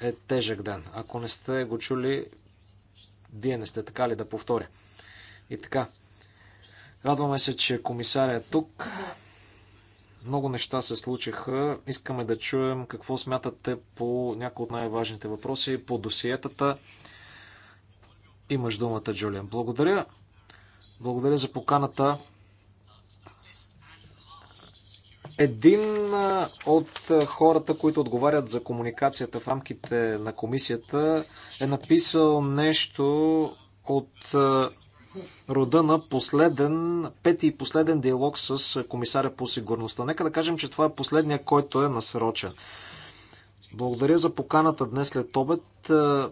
е тежък ден. Ако не сте го чули, вие не сте така ли да повторя. И така, радваме се, че комисаря е тук. Много неща се случиха. Искаме да чуем какво смятате по някои от най-важните въпроси, по досиетата. Имаш думата, Джулиан. Благодаря. Благодаря за поканата. Един от хората, които отговарят за комуникацията в рамките на комисията, е написал нещо от рода на последен, пети и последен диалог с комисаря по сигурността. Нека да кажем, че това е последния, който е насрочен. Благодаря за поканата днес след обед.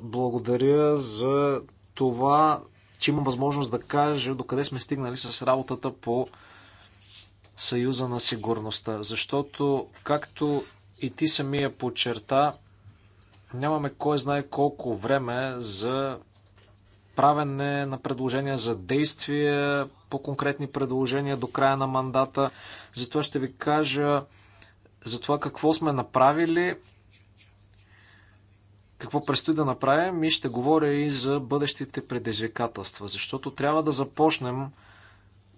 Благодаря за това, че имам възможност да кажа докъде сме стигнали с работата по Съюза на сигурността, защото, както и ти самия подчерта, нямаме кой знае колко време за правене на предложения за действия по конкретни предложения до края на мандата. Затова ще ви кажа за това какво сме направили, какво предстои да направим и ще говоря и за бъдещите предизвикателства, защото трябва да започнем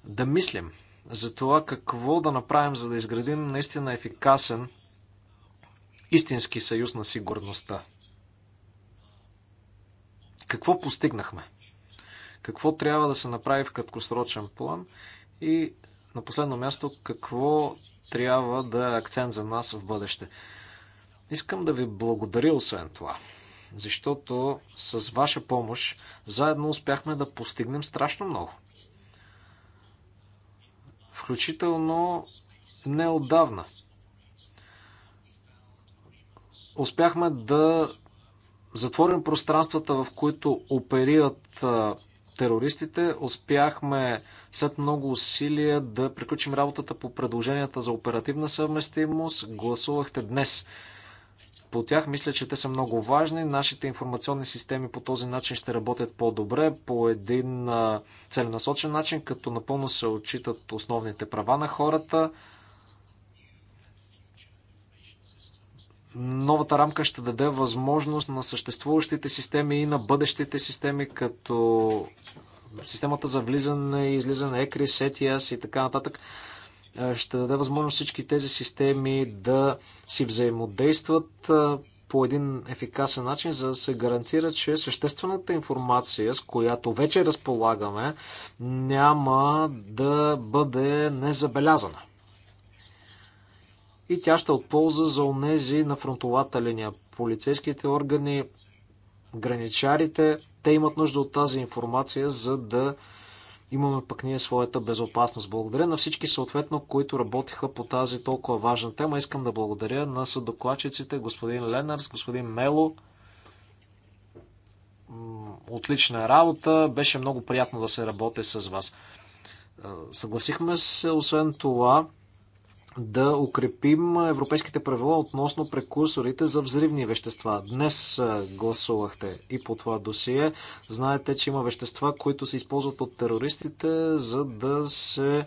да мислим за това какво да направим, за да изградим наистина ефикасен истински съюз на сигурността. Какво постигнахме? Какво трябва да се направи в краткосрочен план и на последно място какво трябва да е акцент за нас в бъдеще? Искам да ви благодаря освен това, защото с ваша помощ заедно успяхме да постигнем страшно много включително неодавна. Успяхме да затворим пространствата, в които оперират терористите. Успяхме след много усилия да приключим работата по предложенията за оперативна съвместимост. Гласувахте днес по тях. Мисля, че те са много важни. Нашите информационни системи по този начин ще работят по-добре, по един целенасочен начин, като напълно се отчитат основните права на хората. Новата рамка ще даде възможност на съществуващите системи и на бъдещите системи, като системата за влизане и излизане, ECRIS, ETIAS и така нататък, е, ще даде възможност всички тези системи да си взаимодействат е, по един ефикасен начин, за да се гарантира, че съществената информация, с която вече разполагаме, няма да бъде незабелязана. И тя ще е отполза за онези на фронтовата линия. Полицейските органи, граничарите, те имат нужда от тази информация, за да имаме пък ние своята безопасност. Благодаря на всички съответно, които работиха по тази толкова важна тема. Искам да благодаря на съдокладчиците, господин Ленарс, господин Мело. Отлична работа. Беше много приятно да се работи с вас. Е, съгласихме се, освен това, да укрепим европейските правила относно прекурсорите за взривни вещества. Днес гласувахте и по това досие. Знаете, че има вещества, които се използват от терористите, за да се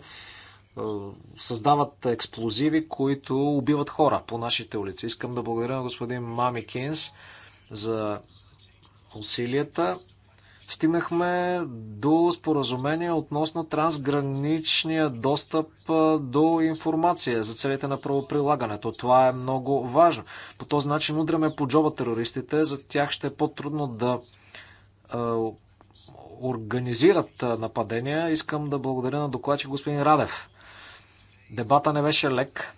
създават експлозиви, които убиват хора по нашите улици. Искам да благодаря на господин Мами Кинс за усилията стигнахме до споразумение относно трансграничния достъп до информация за целите на правоприлагането. Това е много важно. По този начин удряме по джоба терористите. За тях ще е по-трудно да организират нападения. Искам да благодаря на докладчик господин Радев. Дебата не беше лек.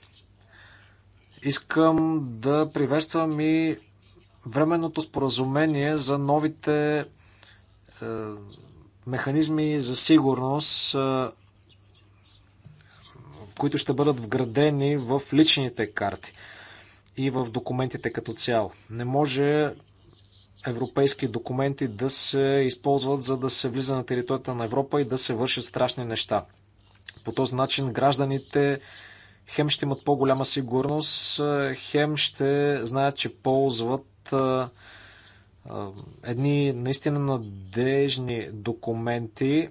Искам да приветствам и временното споразумение за новите е, механизми за сигурност, е, които ще бъдат вградени в личните карти и в документите като цяло. Не може европейски документи да се използват, за да се влиза на територията на Европа и да се вършат страшни неща. По този начин гражданите хем ще имат по-голяма сигурност, е, хем ще знаят, че ползват едни наистина надежни документи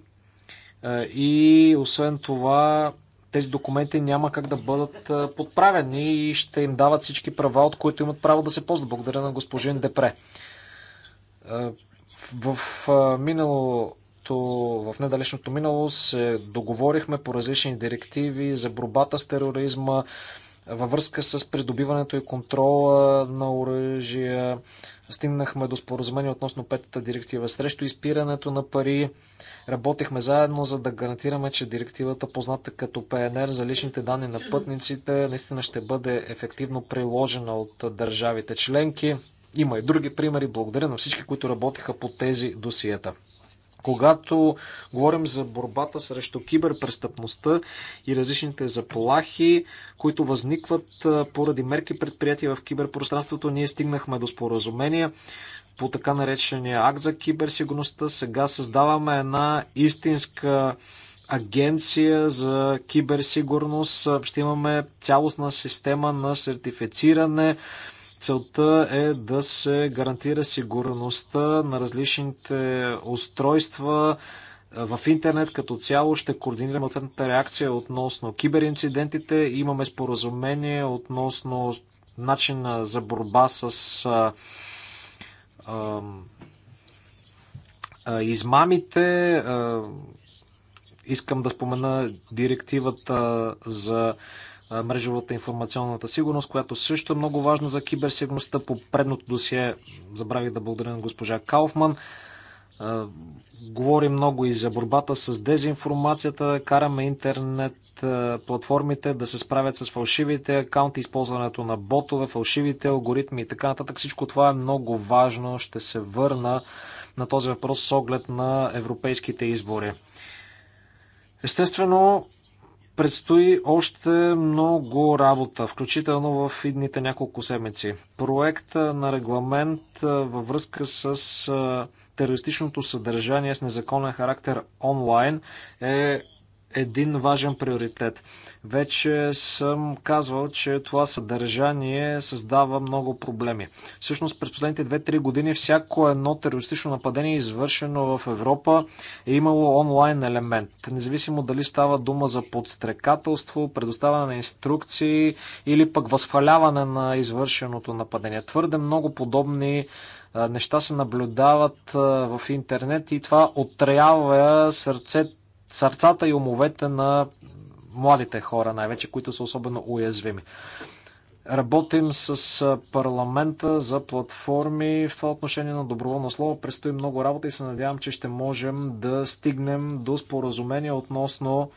и освен това тези документи няма как да бъдат подправени и ще им дават всички права, от които имат право да се ползват. Благодаря на госпожин Депре. В минало миналото, в недалечното минало се договорихме по различни директиви за борбата с тероризма, във връзка с придобиването и контрола на оръжия. Стигнахме до споразумение относно петата директива срещу изпирането на пари. Работехме заедно, за да гарантираме, че директивата, позната като ПНР за личните данни на пътниците, наистина ще бъде ефективно приложена от държавите членки. Има и други примери. Благодаря на всички, които работеха по тези досиета. Когато говорим за борбата срещу киберпрестъпността и различните заплахи, които възникват поради мерки предприятия в киберпространството, ние стигнахме до споразумения по така наречения акт за киберсигурността. Сега създаваме една истинска агенция за киберсигурност. Ще имаме цялостна система на сертифициране, Целта е да се гарантира сигурността на различните устройства в интернет като цяло. Ще координираме ответната реакция относно киберинцидентите. Имаме споразумение относно начина за борба с а, а, а, измамите. А, искам да спомена директивата за мрежовата информационната сигурност, която също е много важна за киберсигурността. По предното досие забравих да благодаря на госпожа Кауфман. Говорим много и за борбата с дезинформацията, караме интернет платформите да се справят с фалшивите акаунти, използването на ботове, фалшивите алгоритми и така нататък. Всичко това е много важно. Ще се върна на този въпрос с оглед на европейските избори. Естествено, Предстои още много работа, включително в идните няколко седмици. Проект на регламент във връзка с терористичното съдържание с незаконен характер онлайн е един важен приоритет. Вече съм казвал, че това съдържание създава много проблеми. Всъщност през последните 2-3 години всяко едно терористично нападение, извършено в Европа, е имало онлайн елемент. Независимо дали става дума за подстрекателство, предоставяне на инструкции или пък възхваляване на извършеното нападение. Твърде много подобни неща се наблюдават в интернет и това отрява сърцето сърцата и умовете на младите хора, най-вече, които са особено уязвими. Работим с парламента за платформи в това отношение на доброволно слово. Предстои много работа и се надявам, че ще можем да стигнем до споразумение относно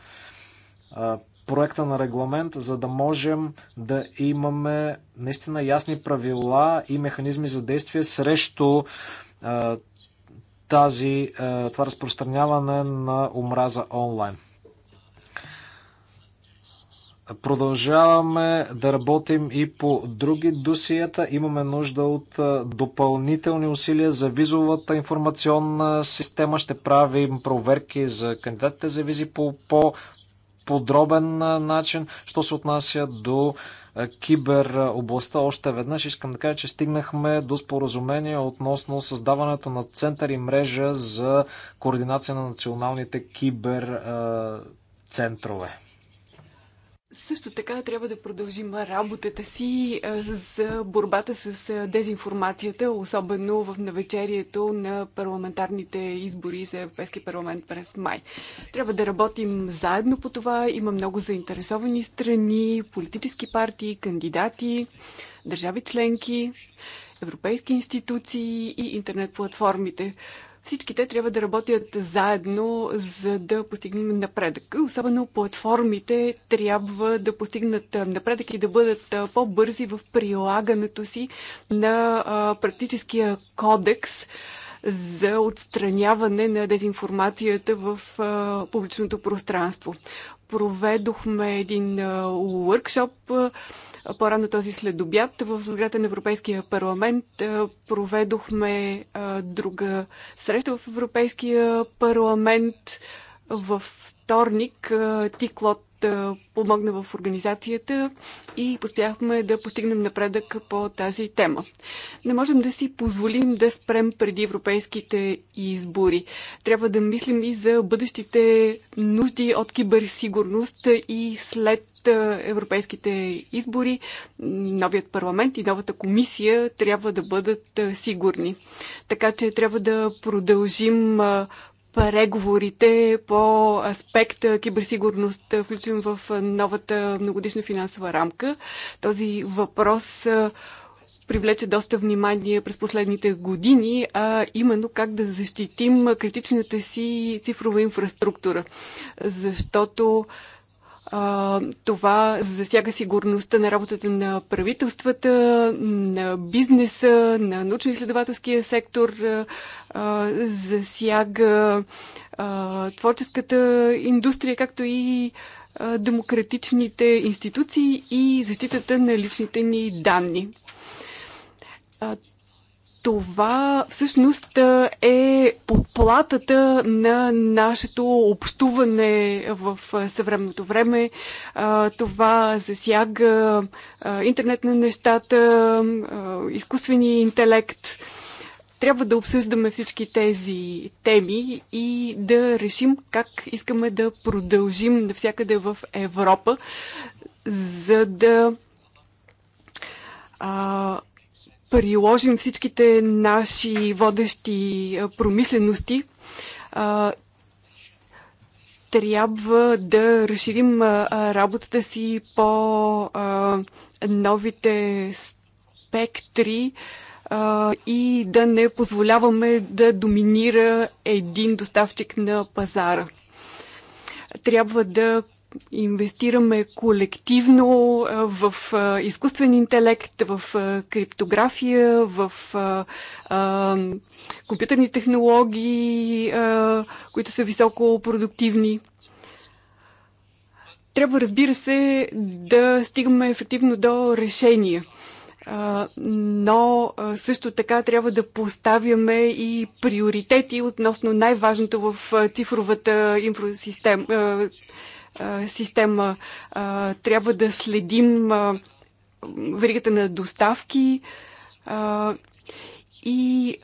проекта на регламент, за да можем да имаме наистина ясни правила и механизми за действие срещу тази, е, това разпространяване на омраза онлайн. Продължаваме да работим и по други досията. Имаме нужда от е, допълнителни усилия за визовата информационна система. Ще правим проверки за кандидатите за визи по по-подробен е, начин, що се отнася до кибер областта още веднъж. Искам да кажа, че стигнахме до споразумение относно създаването на център и мрежа за координация на националните кибер центрове. Също така трябва да продължим работата си за борбата с дезинформацията, особено в навечерието на парламентарните избори за Европейски парламент през май. Трябва да работим заедно по това. Има много заинтересовани страни, политически партии, кандидати, държави членки, европейски институции и интернет платформите. Всички те трябва да работят заедно, за да постигнем напредък. Особено платформите трябва да постигнат напредък и да бъдат по-бързи в прилагането си на практическия кодекс за отстраняване на дезинформацията в публичното пространство. Проведохме един workshop по-рано този следобят в сградата на Европейския парламент проведохме друга среща в Европейския парламент. Във вторник Тиклот помогна в организацията и успяхме да постигнем напредък по тази тема. Не можем да си позволим да спрем преди европейските избори. Трябва да мислим и за бъдещите нужди от киберсигурност и след европейските избори, новият парламент и новата комисия трябва да бъдат сигурни. Така че трябва да продължим преговорите по аспект киберсигурност, включен в новата многодишна финансова рамка. Този въпрос привлече доста внимание през последните години, а именно как да защитим критичната си цифрова инфраструктура. Защото това засяга сигурността на работата на правителствата, на бизнеса, на научно-изследователския сектор, засяга творческата индустрия, както и демократичните институции и защитата на личните ни данни това всъщност е подплатата на нашето общуване в съвременното време. Това засяга интернет на нещата, изкуствения интелект. Трябва да обсъждаме всички тези теми и да решим как искаме да продължим навсякъде в Европа, за да приложим всичките наши водещи промислености, трябва да разширим работата си по новите спектри и да не позволяваме да доминира един доставчик на пазара. Трябва да инвестираме колективно в изкуствен интелект, в криптография, в компютърни технологии, които са високо продуктивни. Трябва, разбира се, да стигаме ефективно до решения но също така трябва да поставяме и приоритети относно най-важното в цифровата инфросистема система. Трябва да следим веригата на доставки и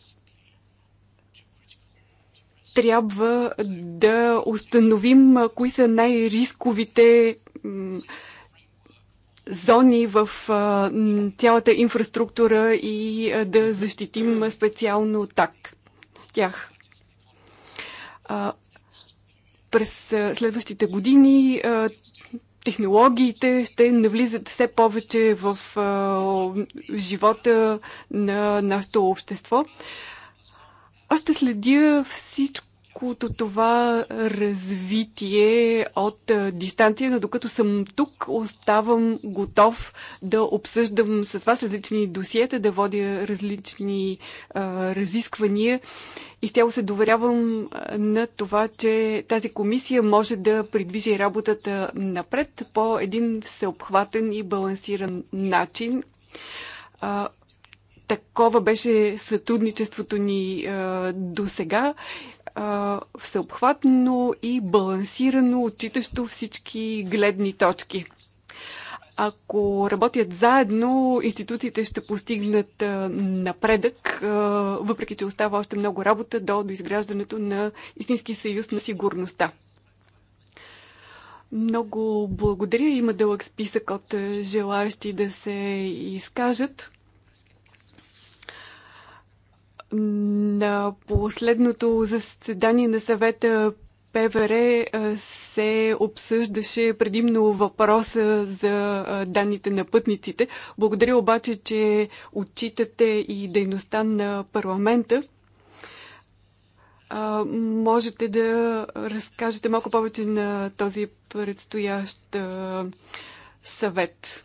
трябва да установим кои са най-рисковите зони в цялата инфраструктура и да защитим специално так, тях. През следващите години технологиите ще навлизат все повече в живота на нашето общество. Аз ще следя всичко от това развитие от дистанция, но докато съм тук, оставам готов да обсъждам с вас различни досиета, да водя различни а, разисквания. Изцяло се доверявам на това, че тази комисия може да придвижи работата напред по един всеобхватен и балансиран начин. А, такова беше сътрудничеството ни а, до сега всеобхватно и балансирано, отчитащо всички гледни точки. Ако работят заедно, институциите ще постигнат напредък, въпреки че остава още много работа до доизграждането на Истински съюз на сигурността. Много благодаря. Има дълъг списък от желаящи да се изкажат. На последното заседание на съвета ПВР се обсъждаше предимно въпроса за данните на пътниците. Благодаря обаче, че отчитате и дейността на парламента. Можете да разкажете малко повече на този предстоящ съвет.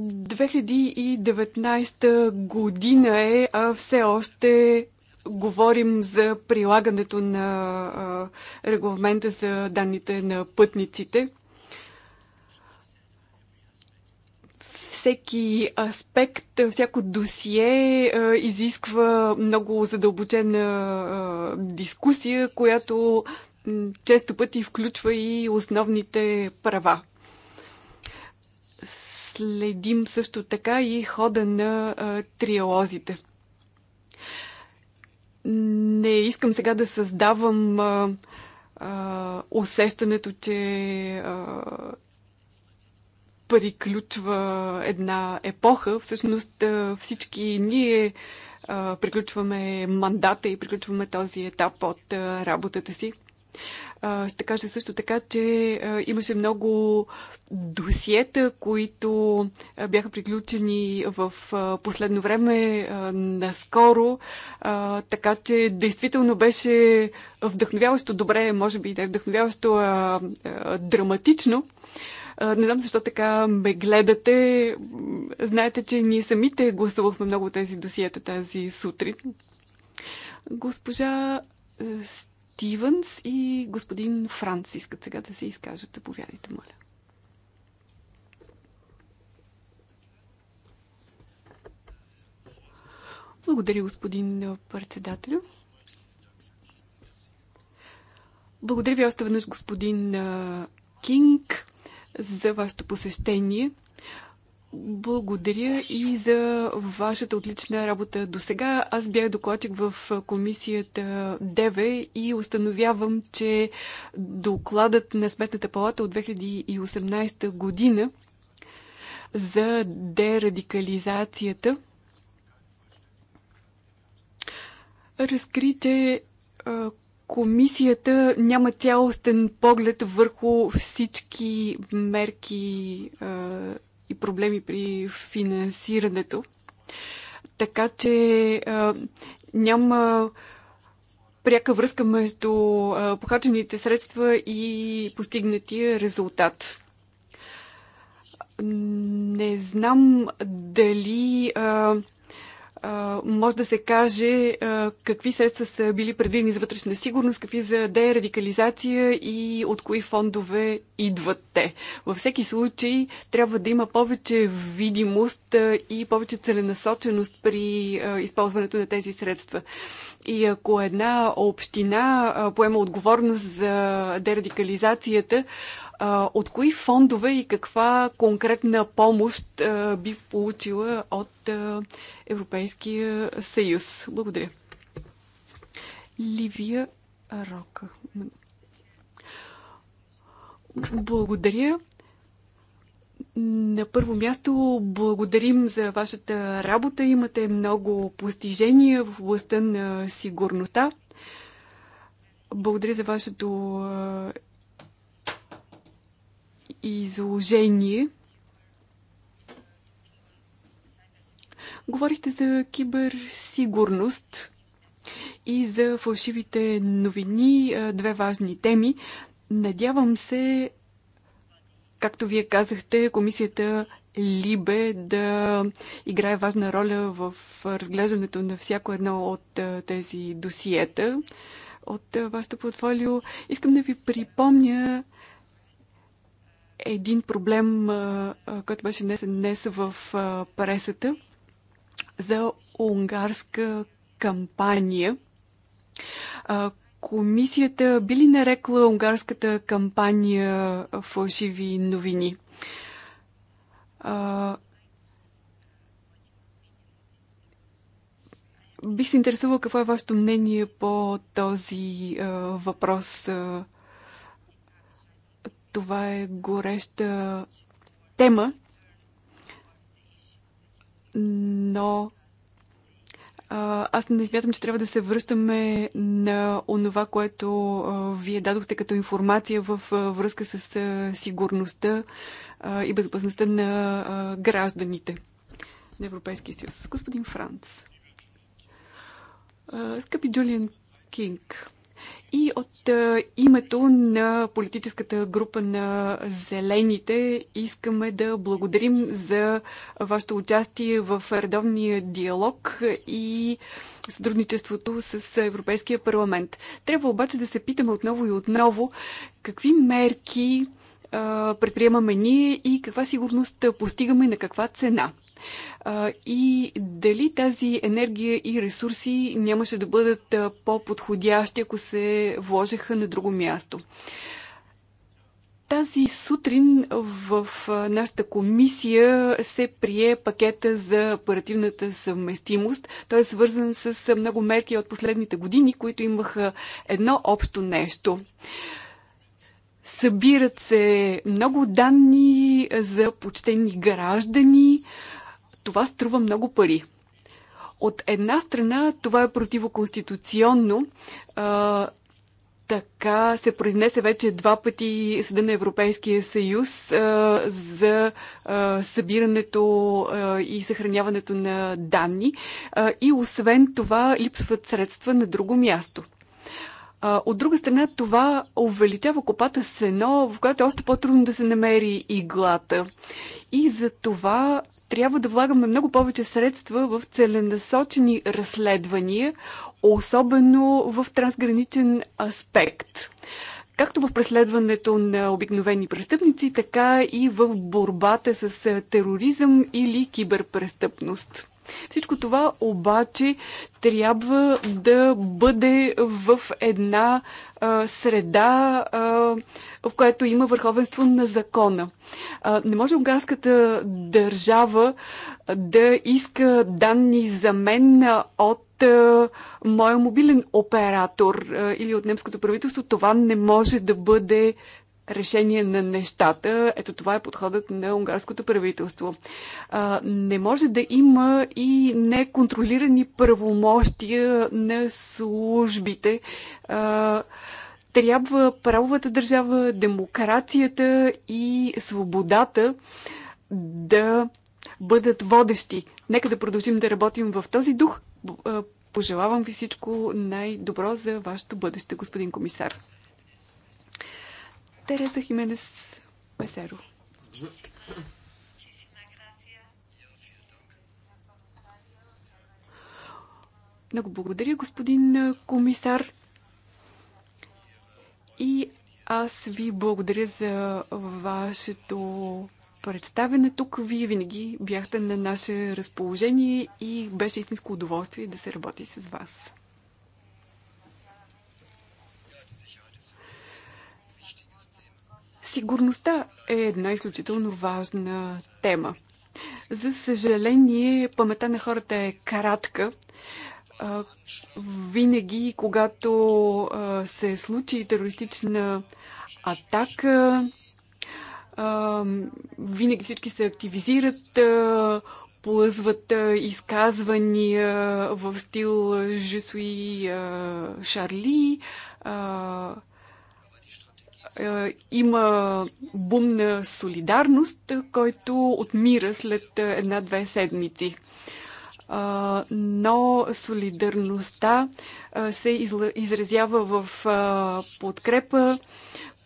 2019 година е, а все още говорим за прилагането на регламента за данните на пътниците. всеки аспект, всяко досие изисква много задълбочена дискусия, която често пъти включва и основните права следим също така и хода на а, триалозите. Не искам сега да създавам а, а, усещането, че а, приключва една епоха. Всъщност а, всички ние а, приключваме мандата и приключваме този етап от а, работата си. Ще кажа също така, че имаше много досиета, които бяха приключени в последно време, наскоро, така че действително беше вдъхновяващо добре, може би да вдъхновяващо а, а, драматично. Не знам защо така ме гледате. Знаете, че ние самите гласувахме много тези досиета тази сутрин. Госпожа Стивенс и господин Франц искат сега да се изкажат. Заповядайте, моля. Благодаря, господин председател. Благодаря ви още веднъж, господин Кинг, за вашето посещение. Благодаря и за вашата отлична работа до сега. Аз бях докладчик в комисията ДЕВЕ и установявам, че докладът на Сметната палата от 2018 година за дерадикализацията разкри, че комисията няма цялостен поглед върху всички мерки и проблеми при финансирането. Така че а, няма пряка връзка между а, похарчените средства и постигнатия резултат. Не знам дали а, може да се каже какви средства са били предвидени за вътрешна сигурност, какви за дерадикализация и от кои фондове идват те. Във всеки случай трябва да има повече видимост и повече целенасоченост при използването на тези средства. И ако една община поема отговорност за дерадикализацията, от кои фондове и каква конкретна помощ би получила от Европейския съюз? Благодаря. Ливия Рока. Благодаря. На първо място благодарим за вашата работа. Имате много постижения в областта на сигурността. Благодаря за вашето изложение. Говорите за киберсигурност и за фалшивите новини, две важни теми. Надявам се, както вие казахте, комисията Либе да играе важна роля в разглеждането на всяко едно от тези досиета от вашето портфолио. Искам да ви припомня един проблем, който беше днес днес в пресата за унгарска кампания. Комисията би ли нарекла унгарската кампания фалшиви новини? Бих се интересувала какво е вашето мнение по този въпрос. Това е гореща тема, но аз не смятам, че трябва да се връщаме на онова, което а, вие дадохте като информация в а, връзка с а, сигурността и безопасността на гражданите на Европейския съюз. Господин Франц. скъпи Джулиан Кинг, и от е, името на политическата група на Зелените искаме да благодарим за вашето участие в редовния диалог и сътрудничеството с Европейския парламент. Трябва обаче да се питаме отново и отново какви мерки предприемаме ние и каква сигурност постигаме и на каква цена и дали тази енергия и ресурси нямаше да бъдат по-подходящи, ако се вложиха на друго място. Тази сутрин в нашата комисия се прие пакета за оперативната съвместимост. Той е свързан с много мерки от последните години, които имаха едно общо нещо. Събират се много данни за почтени граждани, това струва много пари. От една страна това е противоконституционно. А, така се произнесе вече два пъти Съда на Европейския съюз а, за а, събирането а, и съхраняването на данни. А, и освен това липсват средства на друго място. А, от друга страна, това увеличава копата с едно, в което е още по-трудно да се намери иглата. И за това трябва да влагаме много повече средства в целенасочени разследвания, особено в трансграничен аспект. Както в преследването на обикновени престъпници, така и в борбата с тероризъм или киберпрестъпност. Всичко това обаче трябва да бъде в една а, среда, а, в която има върховенство на закона. А, не може унгарската държава да иска данни за мен от моя мобилен оператор или от немското правителство. Това не може да бъде решение на нещата. Ето това е подходът на унгарското правителство. А, не може да има и неконтролирани правомощия на службите. А, трябва правовата държава, демокрацията и свободата да бъдат водещи. Нека да продължим да работим в този дух. Пожелавам ви всичко най-добро за вашето бъдеще, господин комисар. Тереза Хименес Песеро. Много благодаря, господин комисар. И аз ви благодаря за вашето представене тук. Вие винаги бяхте на наше разположение и беше истинско удоволствие да се работи с вас. Сигурността е една изключително важна тема. За съжаление, памета на хората е кратка. Винаги, когато се случи терористична атака, винаги всички се активизират, плъзват изказвания в стил Жесуи Шарли, е, има бум на солидарност, който отмира след една-две седмици. Но солидарността се изразява в подкрепа,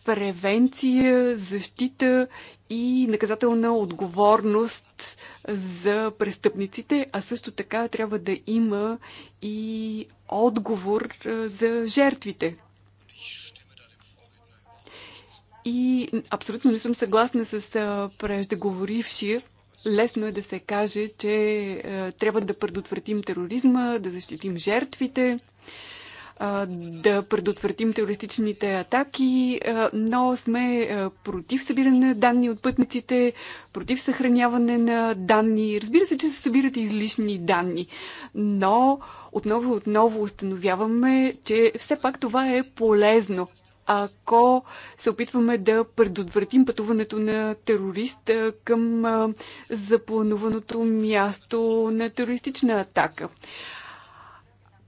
превенция, защита и наказателна отговорност за престъпниците, а също така трябва да има и отговор за жертвите, и абсолютно не съм съгласна с преждеговоривши. Лесно е да се каже, че трябва да предотвратим тероризма, да защитим жертвите, да предотвратим терористичните атаки, но сме против събиране на данни от пътниците, против съхраняване на данни. Разбира се, че се събират излишни данни, но отново и отново установяваме, че все пак това е полезно ако се опитваме да предотвратим пътуването на терорист към заплануваното място на терористична атака.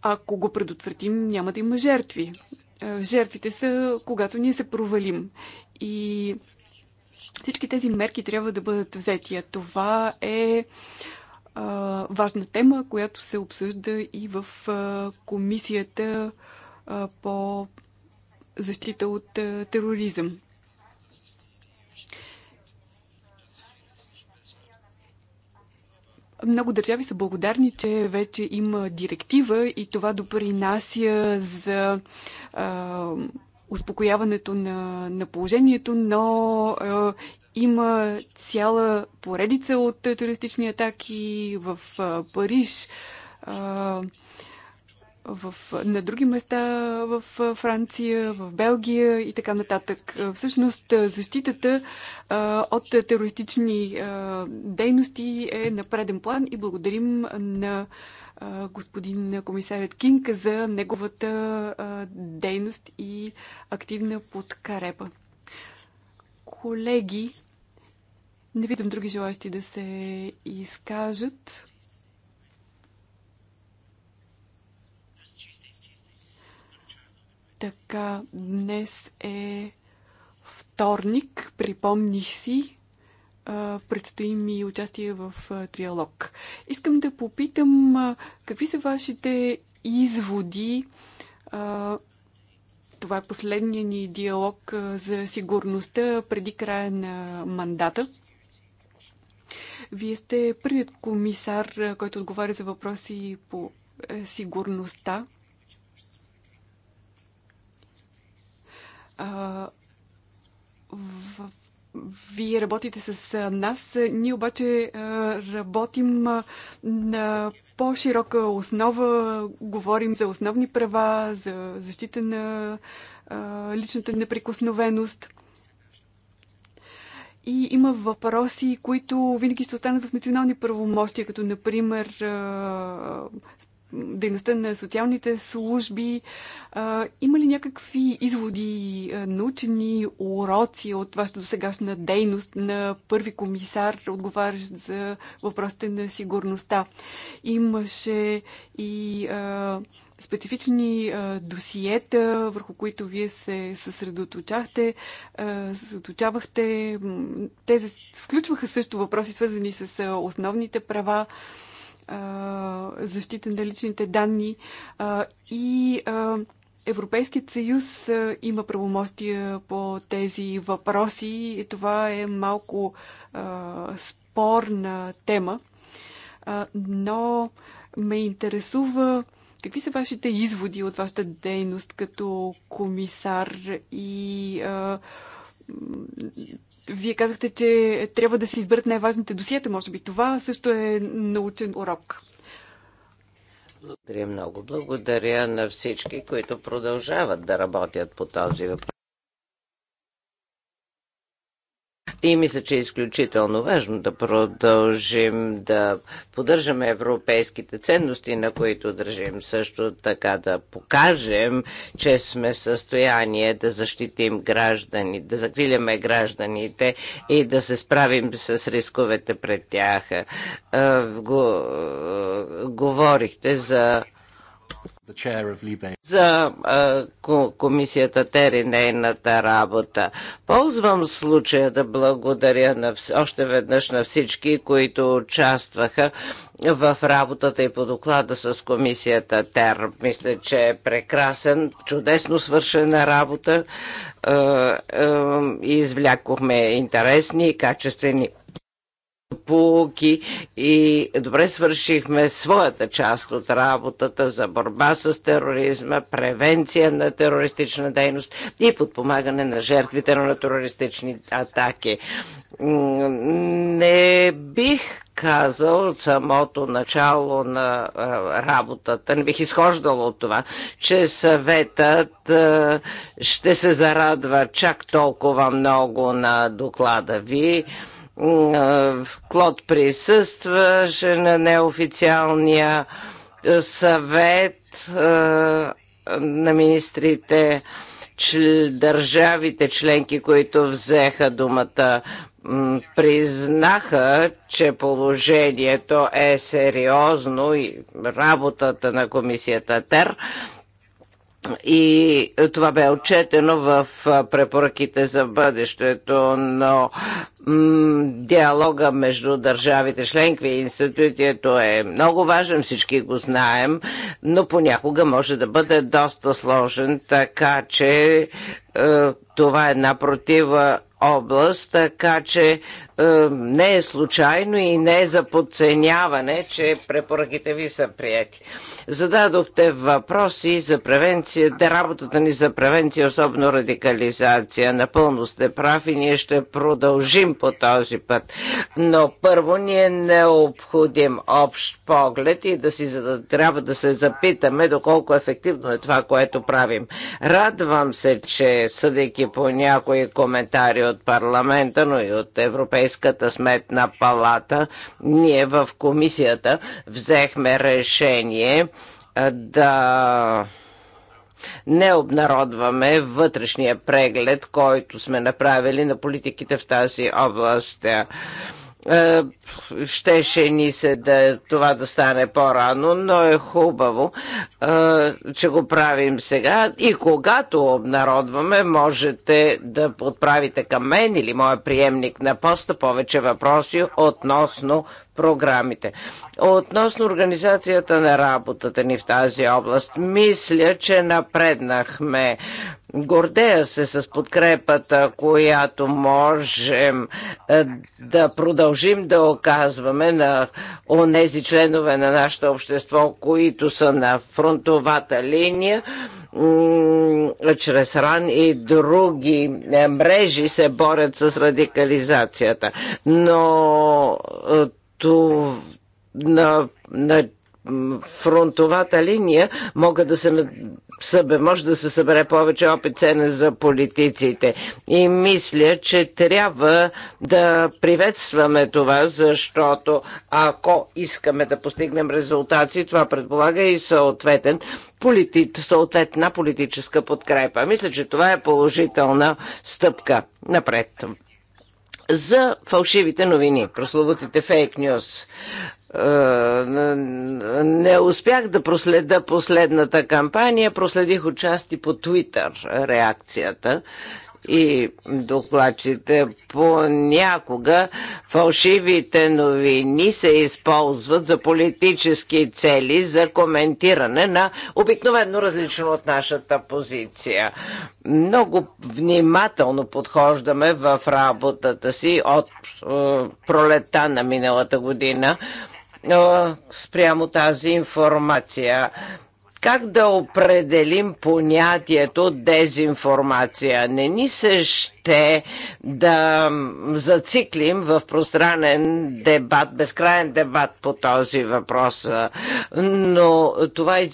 Ако го предотвратим, няма да има жертви. Жертвите са, когато ние се провалим. И всички тези мерки трябва да бъдат взети. А това е а, важна тема, която се обсъжда и в а, комисията а, по защита от тероризъм. Много държави са благодарни, че вече има директива и това допринася за а, успокояването на, на положението, но а, има цяла поредица от терористични атаки в а, Париж. А, в, на други места в Франция, в Белгия и така нататък. Всъщност защитата а, от терористични а, дейности е на преден план и благодарим на а, господин комисарят Кинг за неговата а, дейност и активна подкарепа. Колеги, не виждам други желащи да се изкажат. Така, днес е вторник, припомних си, предстои ми участие в триалог. Искам да попитам какви са вашите изводи. Това е последния ни диалог за сигурността преди края на мандата. Вие сте първият комисар, който отговаря за въпроси по е, сигурността. А, в, вие работите с нас, ние обаче работим на по-широка основа, говорим за основни права, за защита на личната неприкосновеност. И има въпроси, които винаги ще останат в национални правомощия, като например дейността на социалните служби. А, има ли някакви изводи, а, научени уроци от вашата досегашна дейност на първи комисар, отговарящ за въпросите на сигурността? Имаше и а, специфични а, досиета, върху които вие се съсредоточахте, а, съсредоточавахте. Те включваха също въпроси, свързани с а, основните права. А, защита на личните данни и Европейският съюз има правомощия по тези въпроси и това е малко спорна тема, но ме интересува Какви са вашите изводи от вашата дейност като комисар и а, вие казахте, че трябва да се изберат най-важните досиета. Може би това също е научен урок. Благодаря много. Благодаря на всички, които продължават да работят по този въпрос. И мисля, че е изключително важно да продължим да поддържаме европейските ценности, на които държим също така да покажем, че сме в състояние да защитим граждани, да закриляме гражданите и да се справим с рисковете пред тях. Е, е, говорихте за за а, комисията Тери нейната работа. Ползвам случая да благодаря на, още веднъж на всички, които участваха в работата и по доклада с комисията ТЕР. Мисля, че е прекрасен, чудесно свършена работа. извлякохме интересни и качествени поуки и добре свършихме своята част от работата за борба с тероризма, превенция на терористична дейност и подпомагане на жертвите на терористични атаки. Не бих казал от самото начало на работата, не бих изхождал от това, че съветът ще се зарадва чак толкова много на доклада ви. Клод присъстваше на неофициалния съвет на министрите, чл... държавите членки, които взеха думата, признаха, че положението е сериозно и работата на комисията ТЕР и това бе отчетено в препоръките за бъдещето, но диалога между държавите, членки и институтието е много важен, всички го знаем, но понякога може да бъде доста сложен, така че е, това е една протива област, така че е, не е случайно и не е за подценяване, че препоръките ви са прияти. Зададохте въпроси за превенция, работата ни за превенция, особено радикализация. Напълно сте прави, ние ще продължим по този път. Но първо ни е необходим общ поглед и да си, да, трябва да се запитаме доколко ефективно е това, което правим. Радвам се, че съдейки по някои коментари от парламента, но и от Европейския Европейската сметна палата, ние в комисията взехме решение да не обнародваме вътрешния преглед, който сме направили на политиките в тази област. Е, щеше ни се да това да стане по-рано, но е хубаво, е, че го правим сега. И когато обнародваме, можете да подправите към мен или моя приемник на поста повече въпроси относно програмите. Относно организацията на работата ни в тази област, мисля, че напреднахме. Гордея се с подкрепата, която можем е, да продължим да оказваме на онези членове на нашето общество, които са на фронтовата линия. Чрез РАН и други е, мрежи се борят с радикализацията. Но е, на, на фронтовата линия мога да се събе, може да се събере повече опит ценен за политиците. И мисля, че трябва да приветстваме това, защото ако искаме да постигнем резултати, това предполага и съответен полити... съответна политическа подкрепа. Мисля, че това е положителна стъпка напред за фалшивите новини, прословутите фейк нюс. Не успях да проследа последната кампания, проследих отчасти по Твитър реакцията и докладчите. Понякога фалшивите новини се използват за политически цели, за коментиране на обикновено различно от нашата позиция. Много внимателно подхождаме в работата си от е, пролета на миналата година е, спрямо тази информация. Как да определим понятието дезинформация? Не ни се ще те да зациклим в пространен дебат, безкрайен дебат по този въпрос. Но това е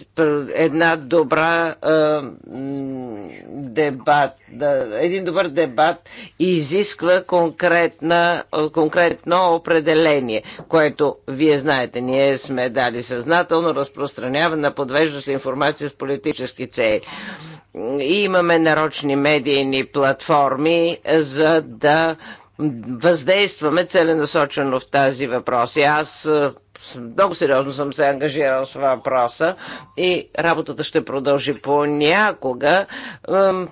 една добра е, дебат, един добър дебат изисква конкретна, е, конкретно определение, което вие знаете, ние сме дали съзнателно разпространяване на подвеждаща информация с политически цели имаме нарочни медийни платформи, за да въздействаме целенасочено в тази И Аз много сериозно съм се ангажирал с въпроса и работата ще продължи понякога.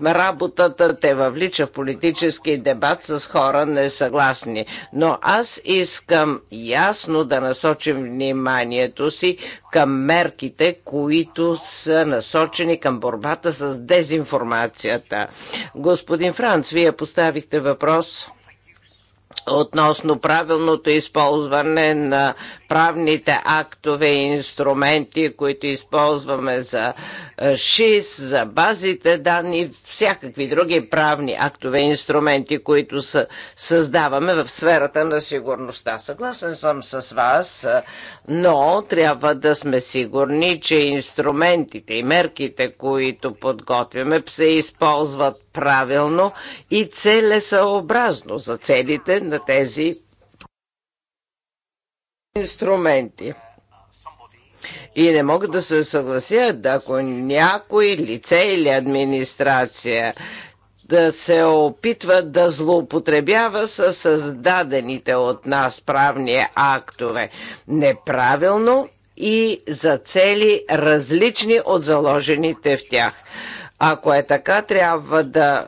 Работата те въвлича в политически дебат с хора несъгласни. Но аз искам ясно да насочим вниманието си към мерките, които са насочени към борбата с дезинформацията. Господин Франц, вие поставихте въпрос относно правилното използване на правните актове и инструменти, които използваме за е, ШИС, за базите данни, всякакви други правни актове и инструменти, които са, създаваме в сферата на сигурността. Съгласен съм с вас, е, но трябва да сме сигурни, че инструментите и мерките, които подготвяме, се използват правилно и целесъобразно за целите на тези инструменти. И не мога да се съглася, да ако някой лице или администрация да се опитва да злоупотребява с създадените от нас правни актове. Неправилно и за цели различни от заложените в тях. Ако е така, трябва да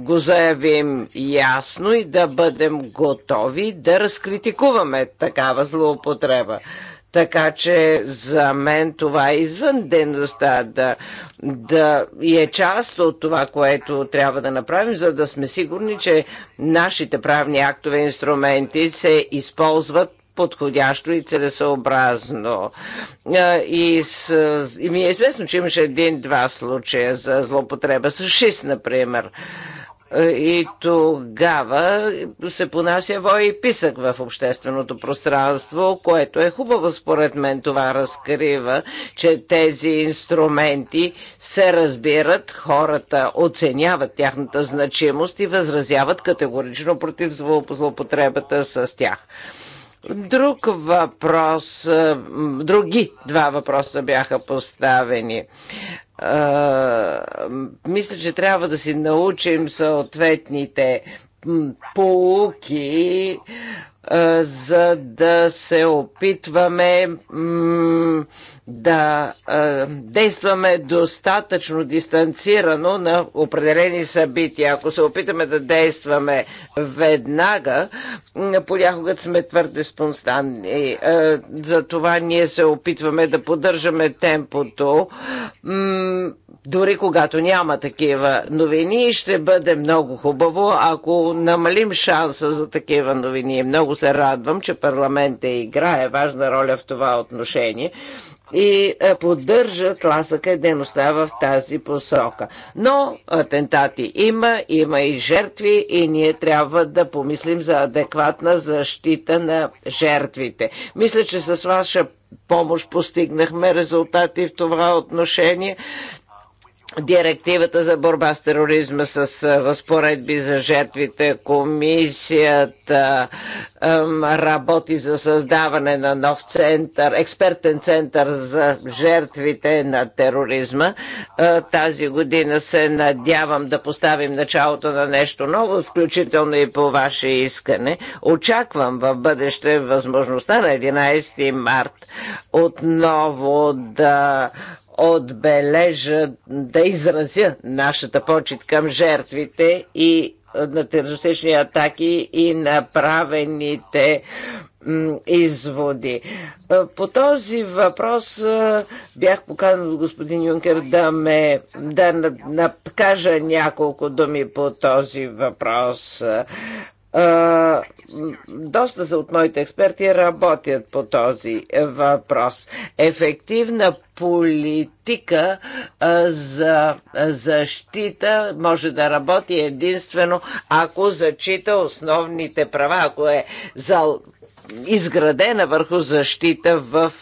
го заявим ясно и да бъдем готови да разкритикуваме такава злоупотреба. Така че за мен това е извън дейността да, да е част от това, което трябва да направим, за да сме сигурни, че нашите правни актове и инструменти се използват подходящо и целесообразно. И, с, и ми е известно, че имаше един-два случая за злоупотреба с шист, например. И тогава се понася вой и писък в общественото пространство, което е хубаво според мен. Това разкрива, че тези инструменти се разбират, хората оценяват тяхната значимост и възразяват категорично против злоупотребата с тях. Друг въпрос, други два въпроса бяха поставени. Мисля, че трябва да си научим съответните полуки за да се опитваме да действаме достатъчно дистанцирано на определени събития. Ако се опитаме да действаме веднага, понякога сме твърде спонстанни. Затова ние се опитваме да поддържаме темпото дори когато няма такива новини, ще бъде много хубаво, ако намалим шанса за такива новини. Много се радвам, че парламентът играе важна роля в това отношение и е, поддържа тласъка и дейността в тази посока. Но атентати има, има и жертви и ние трябва да помислим за адекватна защита на жертвите. Мисля, че с ваша помощ постигнахме резултати в това отношение директивата за борба с тероризма с разпоредби за жертвите. Комисията работи за създаване на нов център, експертен център за жертвите на тероризма. тази година се надявам да поставим началото на нещо ново, включително и по ваше искане. Очаквам в бъдеще възможността на 11 март отново да отбележа, да изразя нашата почет към жертвите и на терористични атаки и направените изводи. По този въпрос бях поканен от господин Юнкер да ме да, на, няколко думи по този въпрос доста са от моите експерти работят по този въпрос. Ефективна политика за защита може да работи единствено ако зачита основните права, ако е изградена върху защита в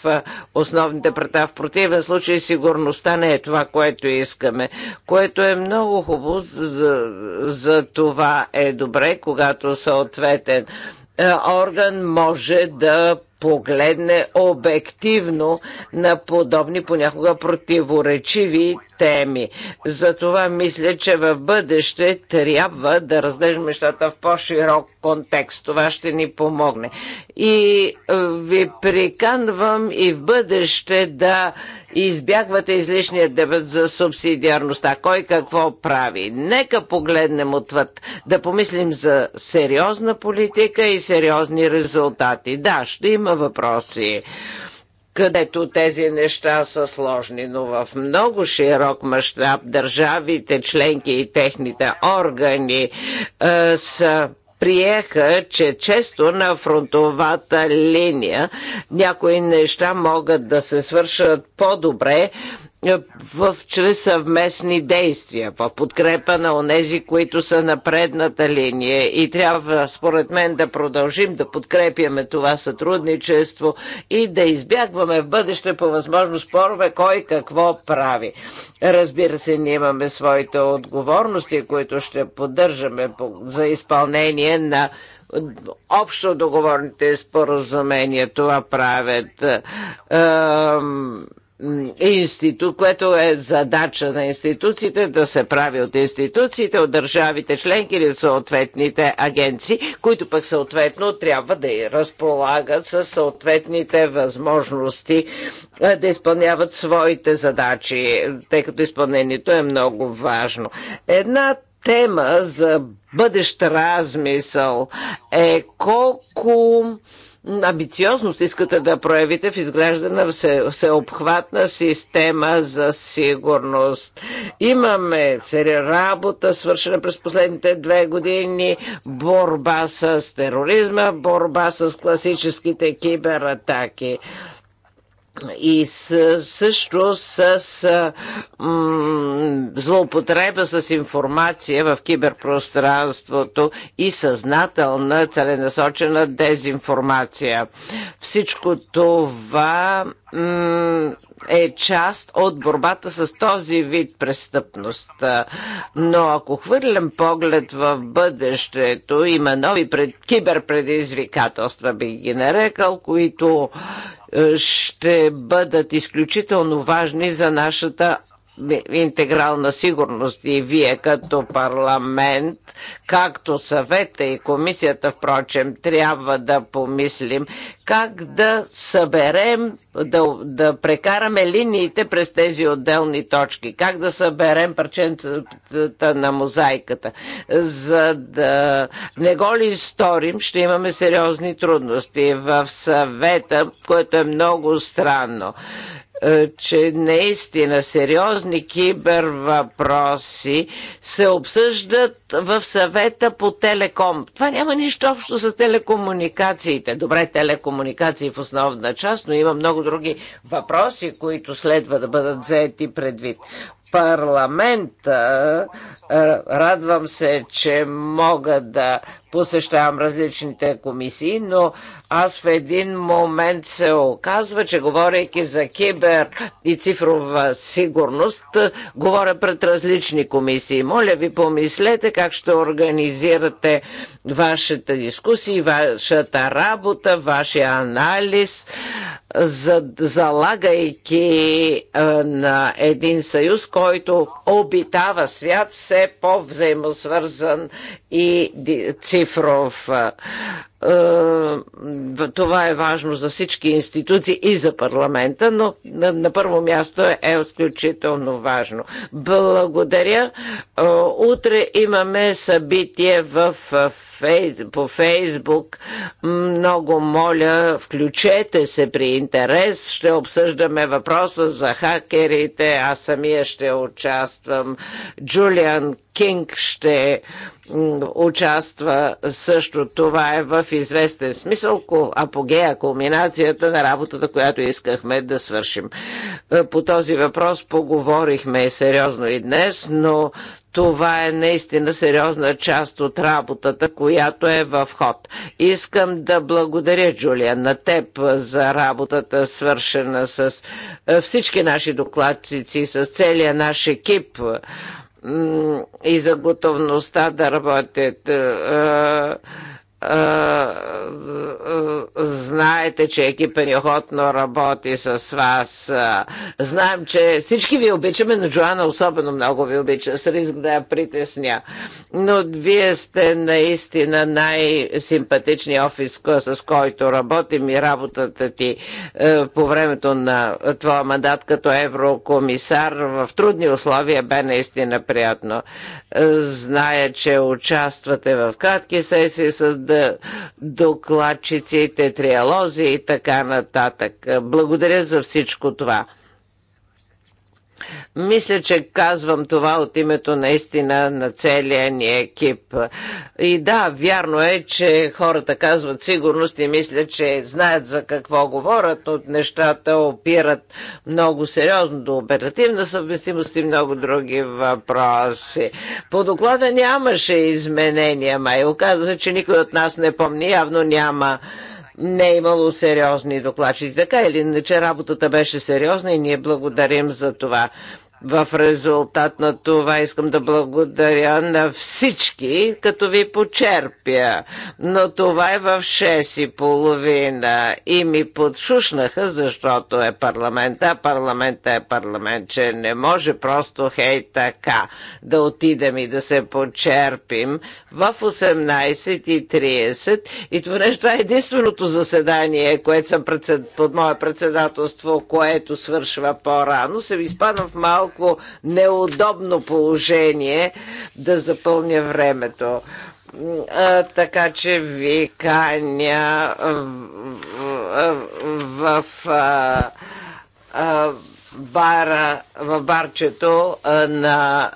основните прата. В противен случай сигурността не е това, което искаме, което е много хубаво. За, за това е добре, когато съответен орган може да погледне обективно на подобни понякога противоречиви теми. Затова мисля, че в бъдеще трябва да разглеждаме нещата в по-широк контекст. Това ще ни помогне. И е, ви приканвам и в бъдеще да избягвате излишния дебат за субсидиарността. Кой какво прави? Нека погледнем отвъд. Да помислим за сериозна политика и сериозни резултати. Да, ще има има въпроси където тези неща са сложни, но в много широк мащаб държавите, членки и техните органи е, са приеха, че често на фронтовата линия някои неща могат да се свършат по-добре е, в, чрез съвместни действия в подкрепа на онези, които са на предната линия и трябва според мен да продължим да подкрепяме това сътрудничество и да избягваме в бъдеще по възможност спорове кой какво прави. Разбира се, ние имаме своите отговорности, които ще поддържаме за изпълнение на общо договорните споразумения. Това правят. Е, е институт, което е задача на институциите да се прави от институциите, от държавите членки или съответните агенции, които пък съответно трябва да и разполагат с съответните възможности да изпълняват своите задачи, тъй като изпълнението е много важно. Една тема за бъдещ размисъл е колко амбициозност искате да проявите в изграждане на все, всеобхватна система за сигурност. Имаме работа, свършена през последните две години, борба с тероризма, борба с класическите кибератаки и с, също с а, м, злоупотреба с информация в киберпространството и съзнателна целенасочена дезинформация. Всичко това м, е част от борбата с този вид престъпност. Но ако хвърлям поглед в бъдещето, има нови пред... киберпредизвикателства, би ги нарекал, които е, ще бъдат изключително важни за нашата интегрална сигурност и вие като парламент, както съвета и комисията, впрочем, трябва да помислим как да съберем, да, да прекараме линиите през тези отделни точки, как да съберем парченцата на мозайката. За да не го ли сторим, ще имаме сериозни трудности в съвета, което е много странно е, че наистина сериозни кибер въпроси се обсъждат в съвета по телеком. Това няма нищо общо с телекомуникациите. Добре, телекомуникации в основна част, но има много други въпроси, които следва да бъдат взети предвид парламента. Е, радвам се, че мога да посещавам различните комисии, но аз в един момент се оказва, че говорейки за кибер и цифрова сигурност, говоря пред различни комисии. Моля ви, помислете как ще организирате вашата дискусия, вашата работа, вашия анализ, залагайки на един съюз, който обитава свят все по-взаимосвързан и цифров. Това е важно за всички институции и за парламента, но на първо място е, е изключително важно. Благодаря. Утре имаме събитие в по Фейсбук. Много моля, включете се при интерес. Ще обсъждаме въпроса за хакерите. Аз самия ще участвам. Джулиан Кинг ще участва също. Това е в известен смисъл апогея, кулминацията на работата, която искахме да свършим. Е, по този въпрос поговорихме сериозно и днес, но това е наистина сериозна част от работата, която е в ход. Искам да благодаря, Джулия на теб за работата, свършена с е, всички наши докладчици, с целия наш екип и за готовността да работят знаете, че екипен ни охотно работи с вас. Знаем, че всички ви обичаме, но Джоана особено много ви обича, с риск да я притесня. Но вие сте наистина най-симпатичният офис, с който работим и работата ти е, по времето на твоя мандат като еврокомисар в трудни условия бе наистина приятно. Е, зная, че участвате в кратки сесии с да докладчиците, триалози и така нататък. Благодаря за всичко това. Мисля, че казвам това от името наистина на целия ни екип. И да, вярно е, че хората казват сигурност и мислят, че знаят за какво говорят, от нещата опират много сериозно до оперативна съвместимост и много други въпроси. По доклада нямаше изменения, май. Оказва се, че никой от нас не помни, явно няма не е имало сериозни докладчици. Така или иначе работата беше сериозна и ние благодарим за това. В резултат на това искам да благодаря на всички, като ви почерпя. Но това е в 6 и половина и ми подшушнаха, защото е парламент, а парламента е парламент, че не може просто хей така да отидем и да се почерпим в 18.30 и това нещо е единственото заседание, което съм под мое председателство, което свършва по-рано. Се ви изпадам в малко малко неудобно положение да запълня времето. А, така че ви каня в, в, в в, в бара, в барчето на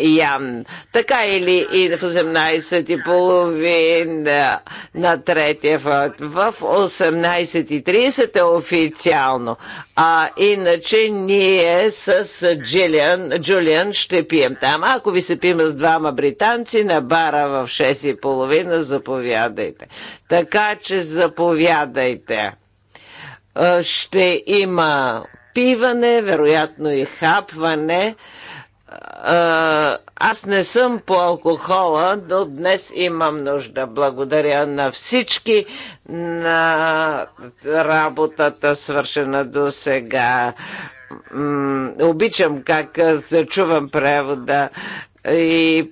Ян. Така или и в 18.30 на третия фронт. В 18.30 е официално. А иначе ние с Джилиан, Джулиан ще пием там. Ако ви се пиме с двама британци на бара в 6.30, заповядайте. Така че заповядайте. Ще има пиване, вероятно и хапване аз не съм по алкохола, но днес имам нужда. Благодаря на всички на работата, свършена до сега. Обичам как зачувам превода. И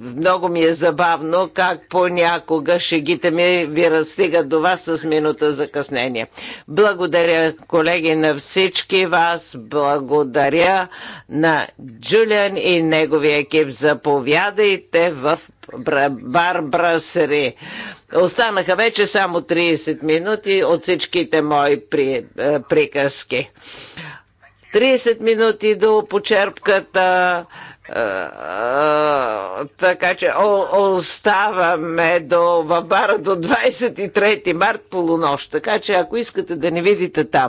много ми е забавно как понякога шегите ми ви разстигат до вас с минута закъснение. Благодаря, колеги, на всички вас. Благодаря на Джулиан и неговия екип. Заповядайте в Барбара Сри. Останаха вече само 30 минути от всичките мои при, приказки. 30 минути до почерпката така че о, оставаме до, в бара до 23 март полунощ. Така че ако искате да не видите там.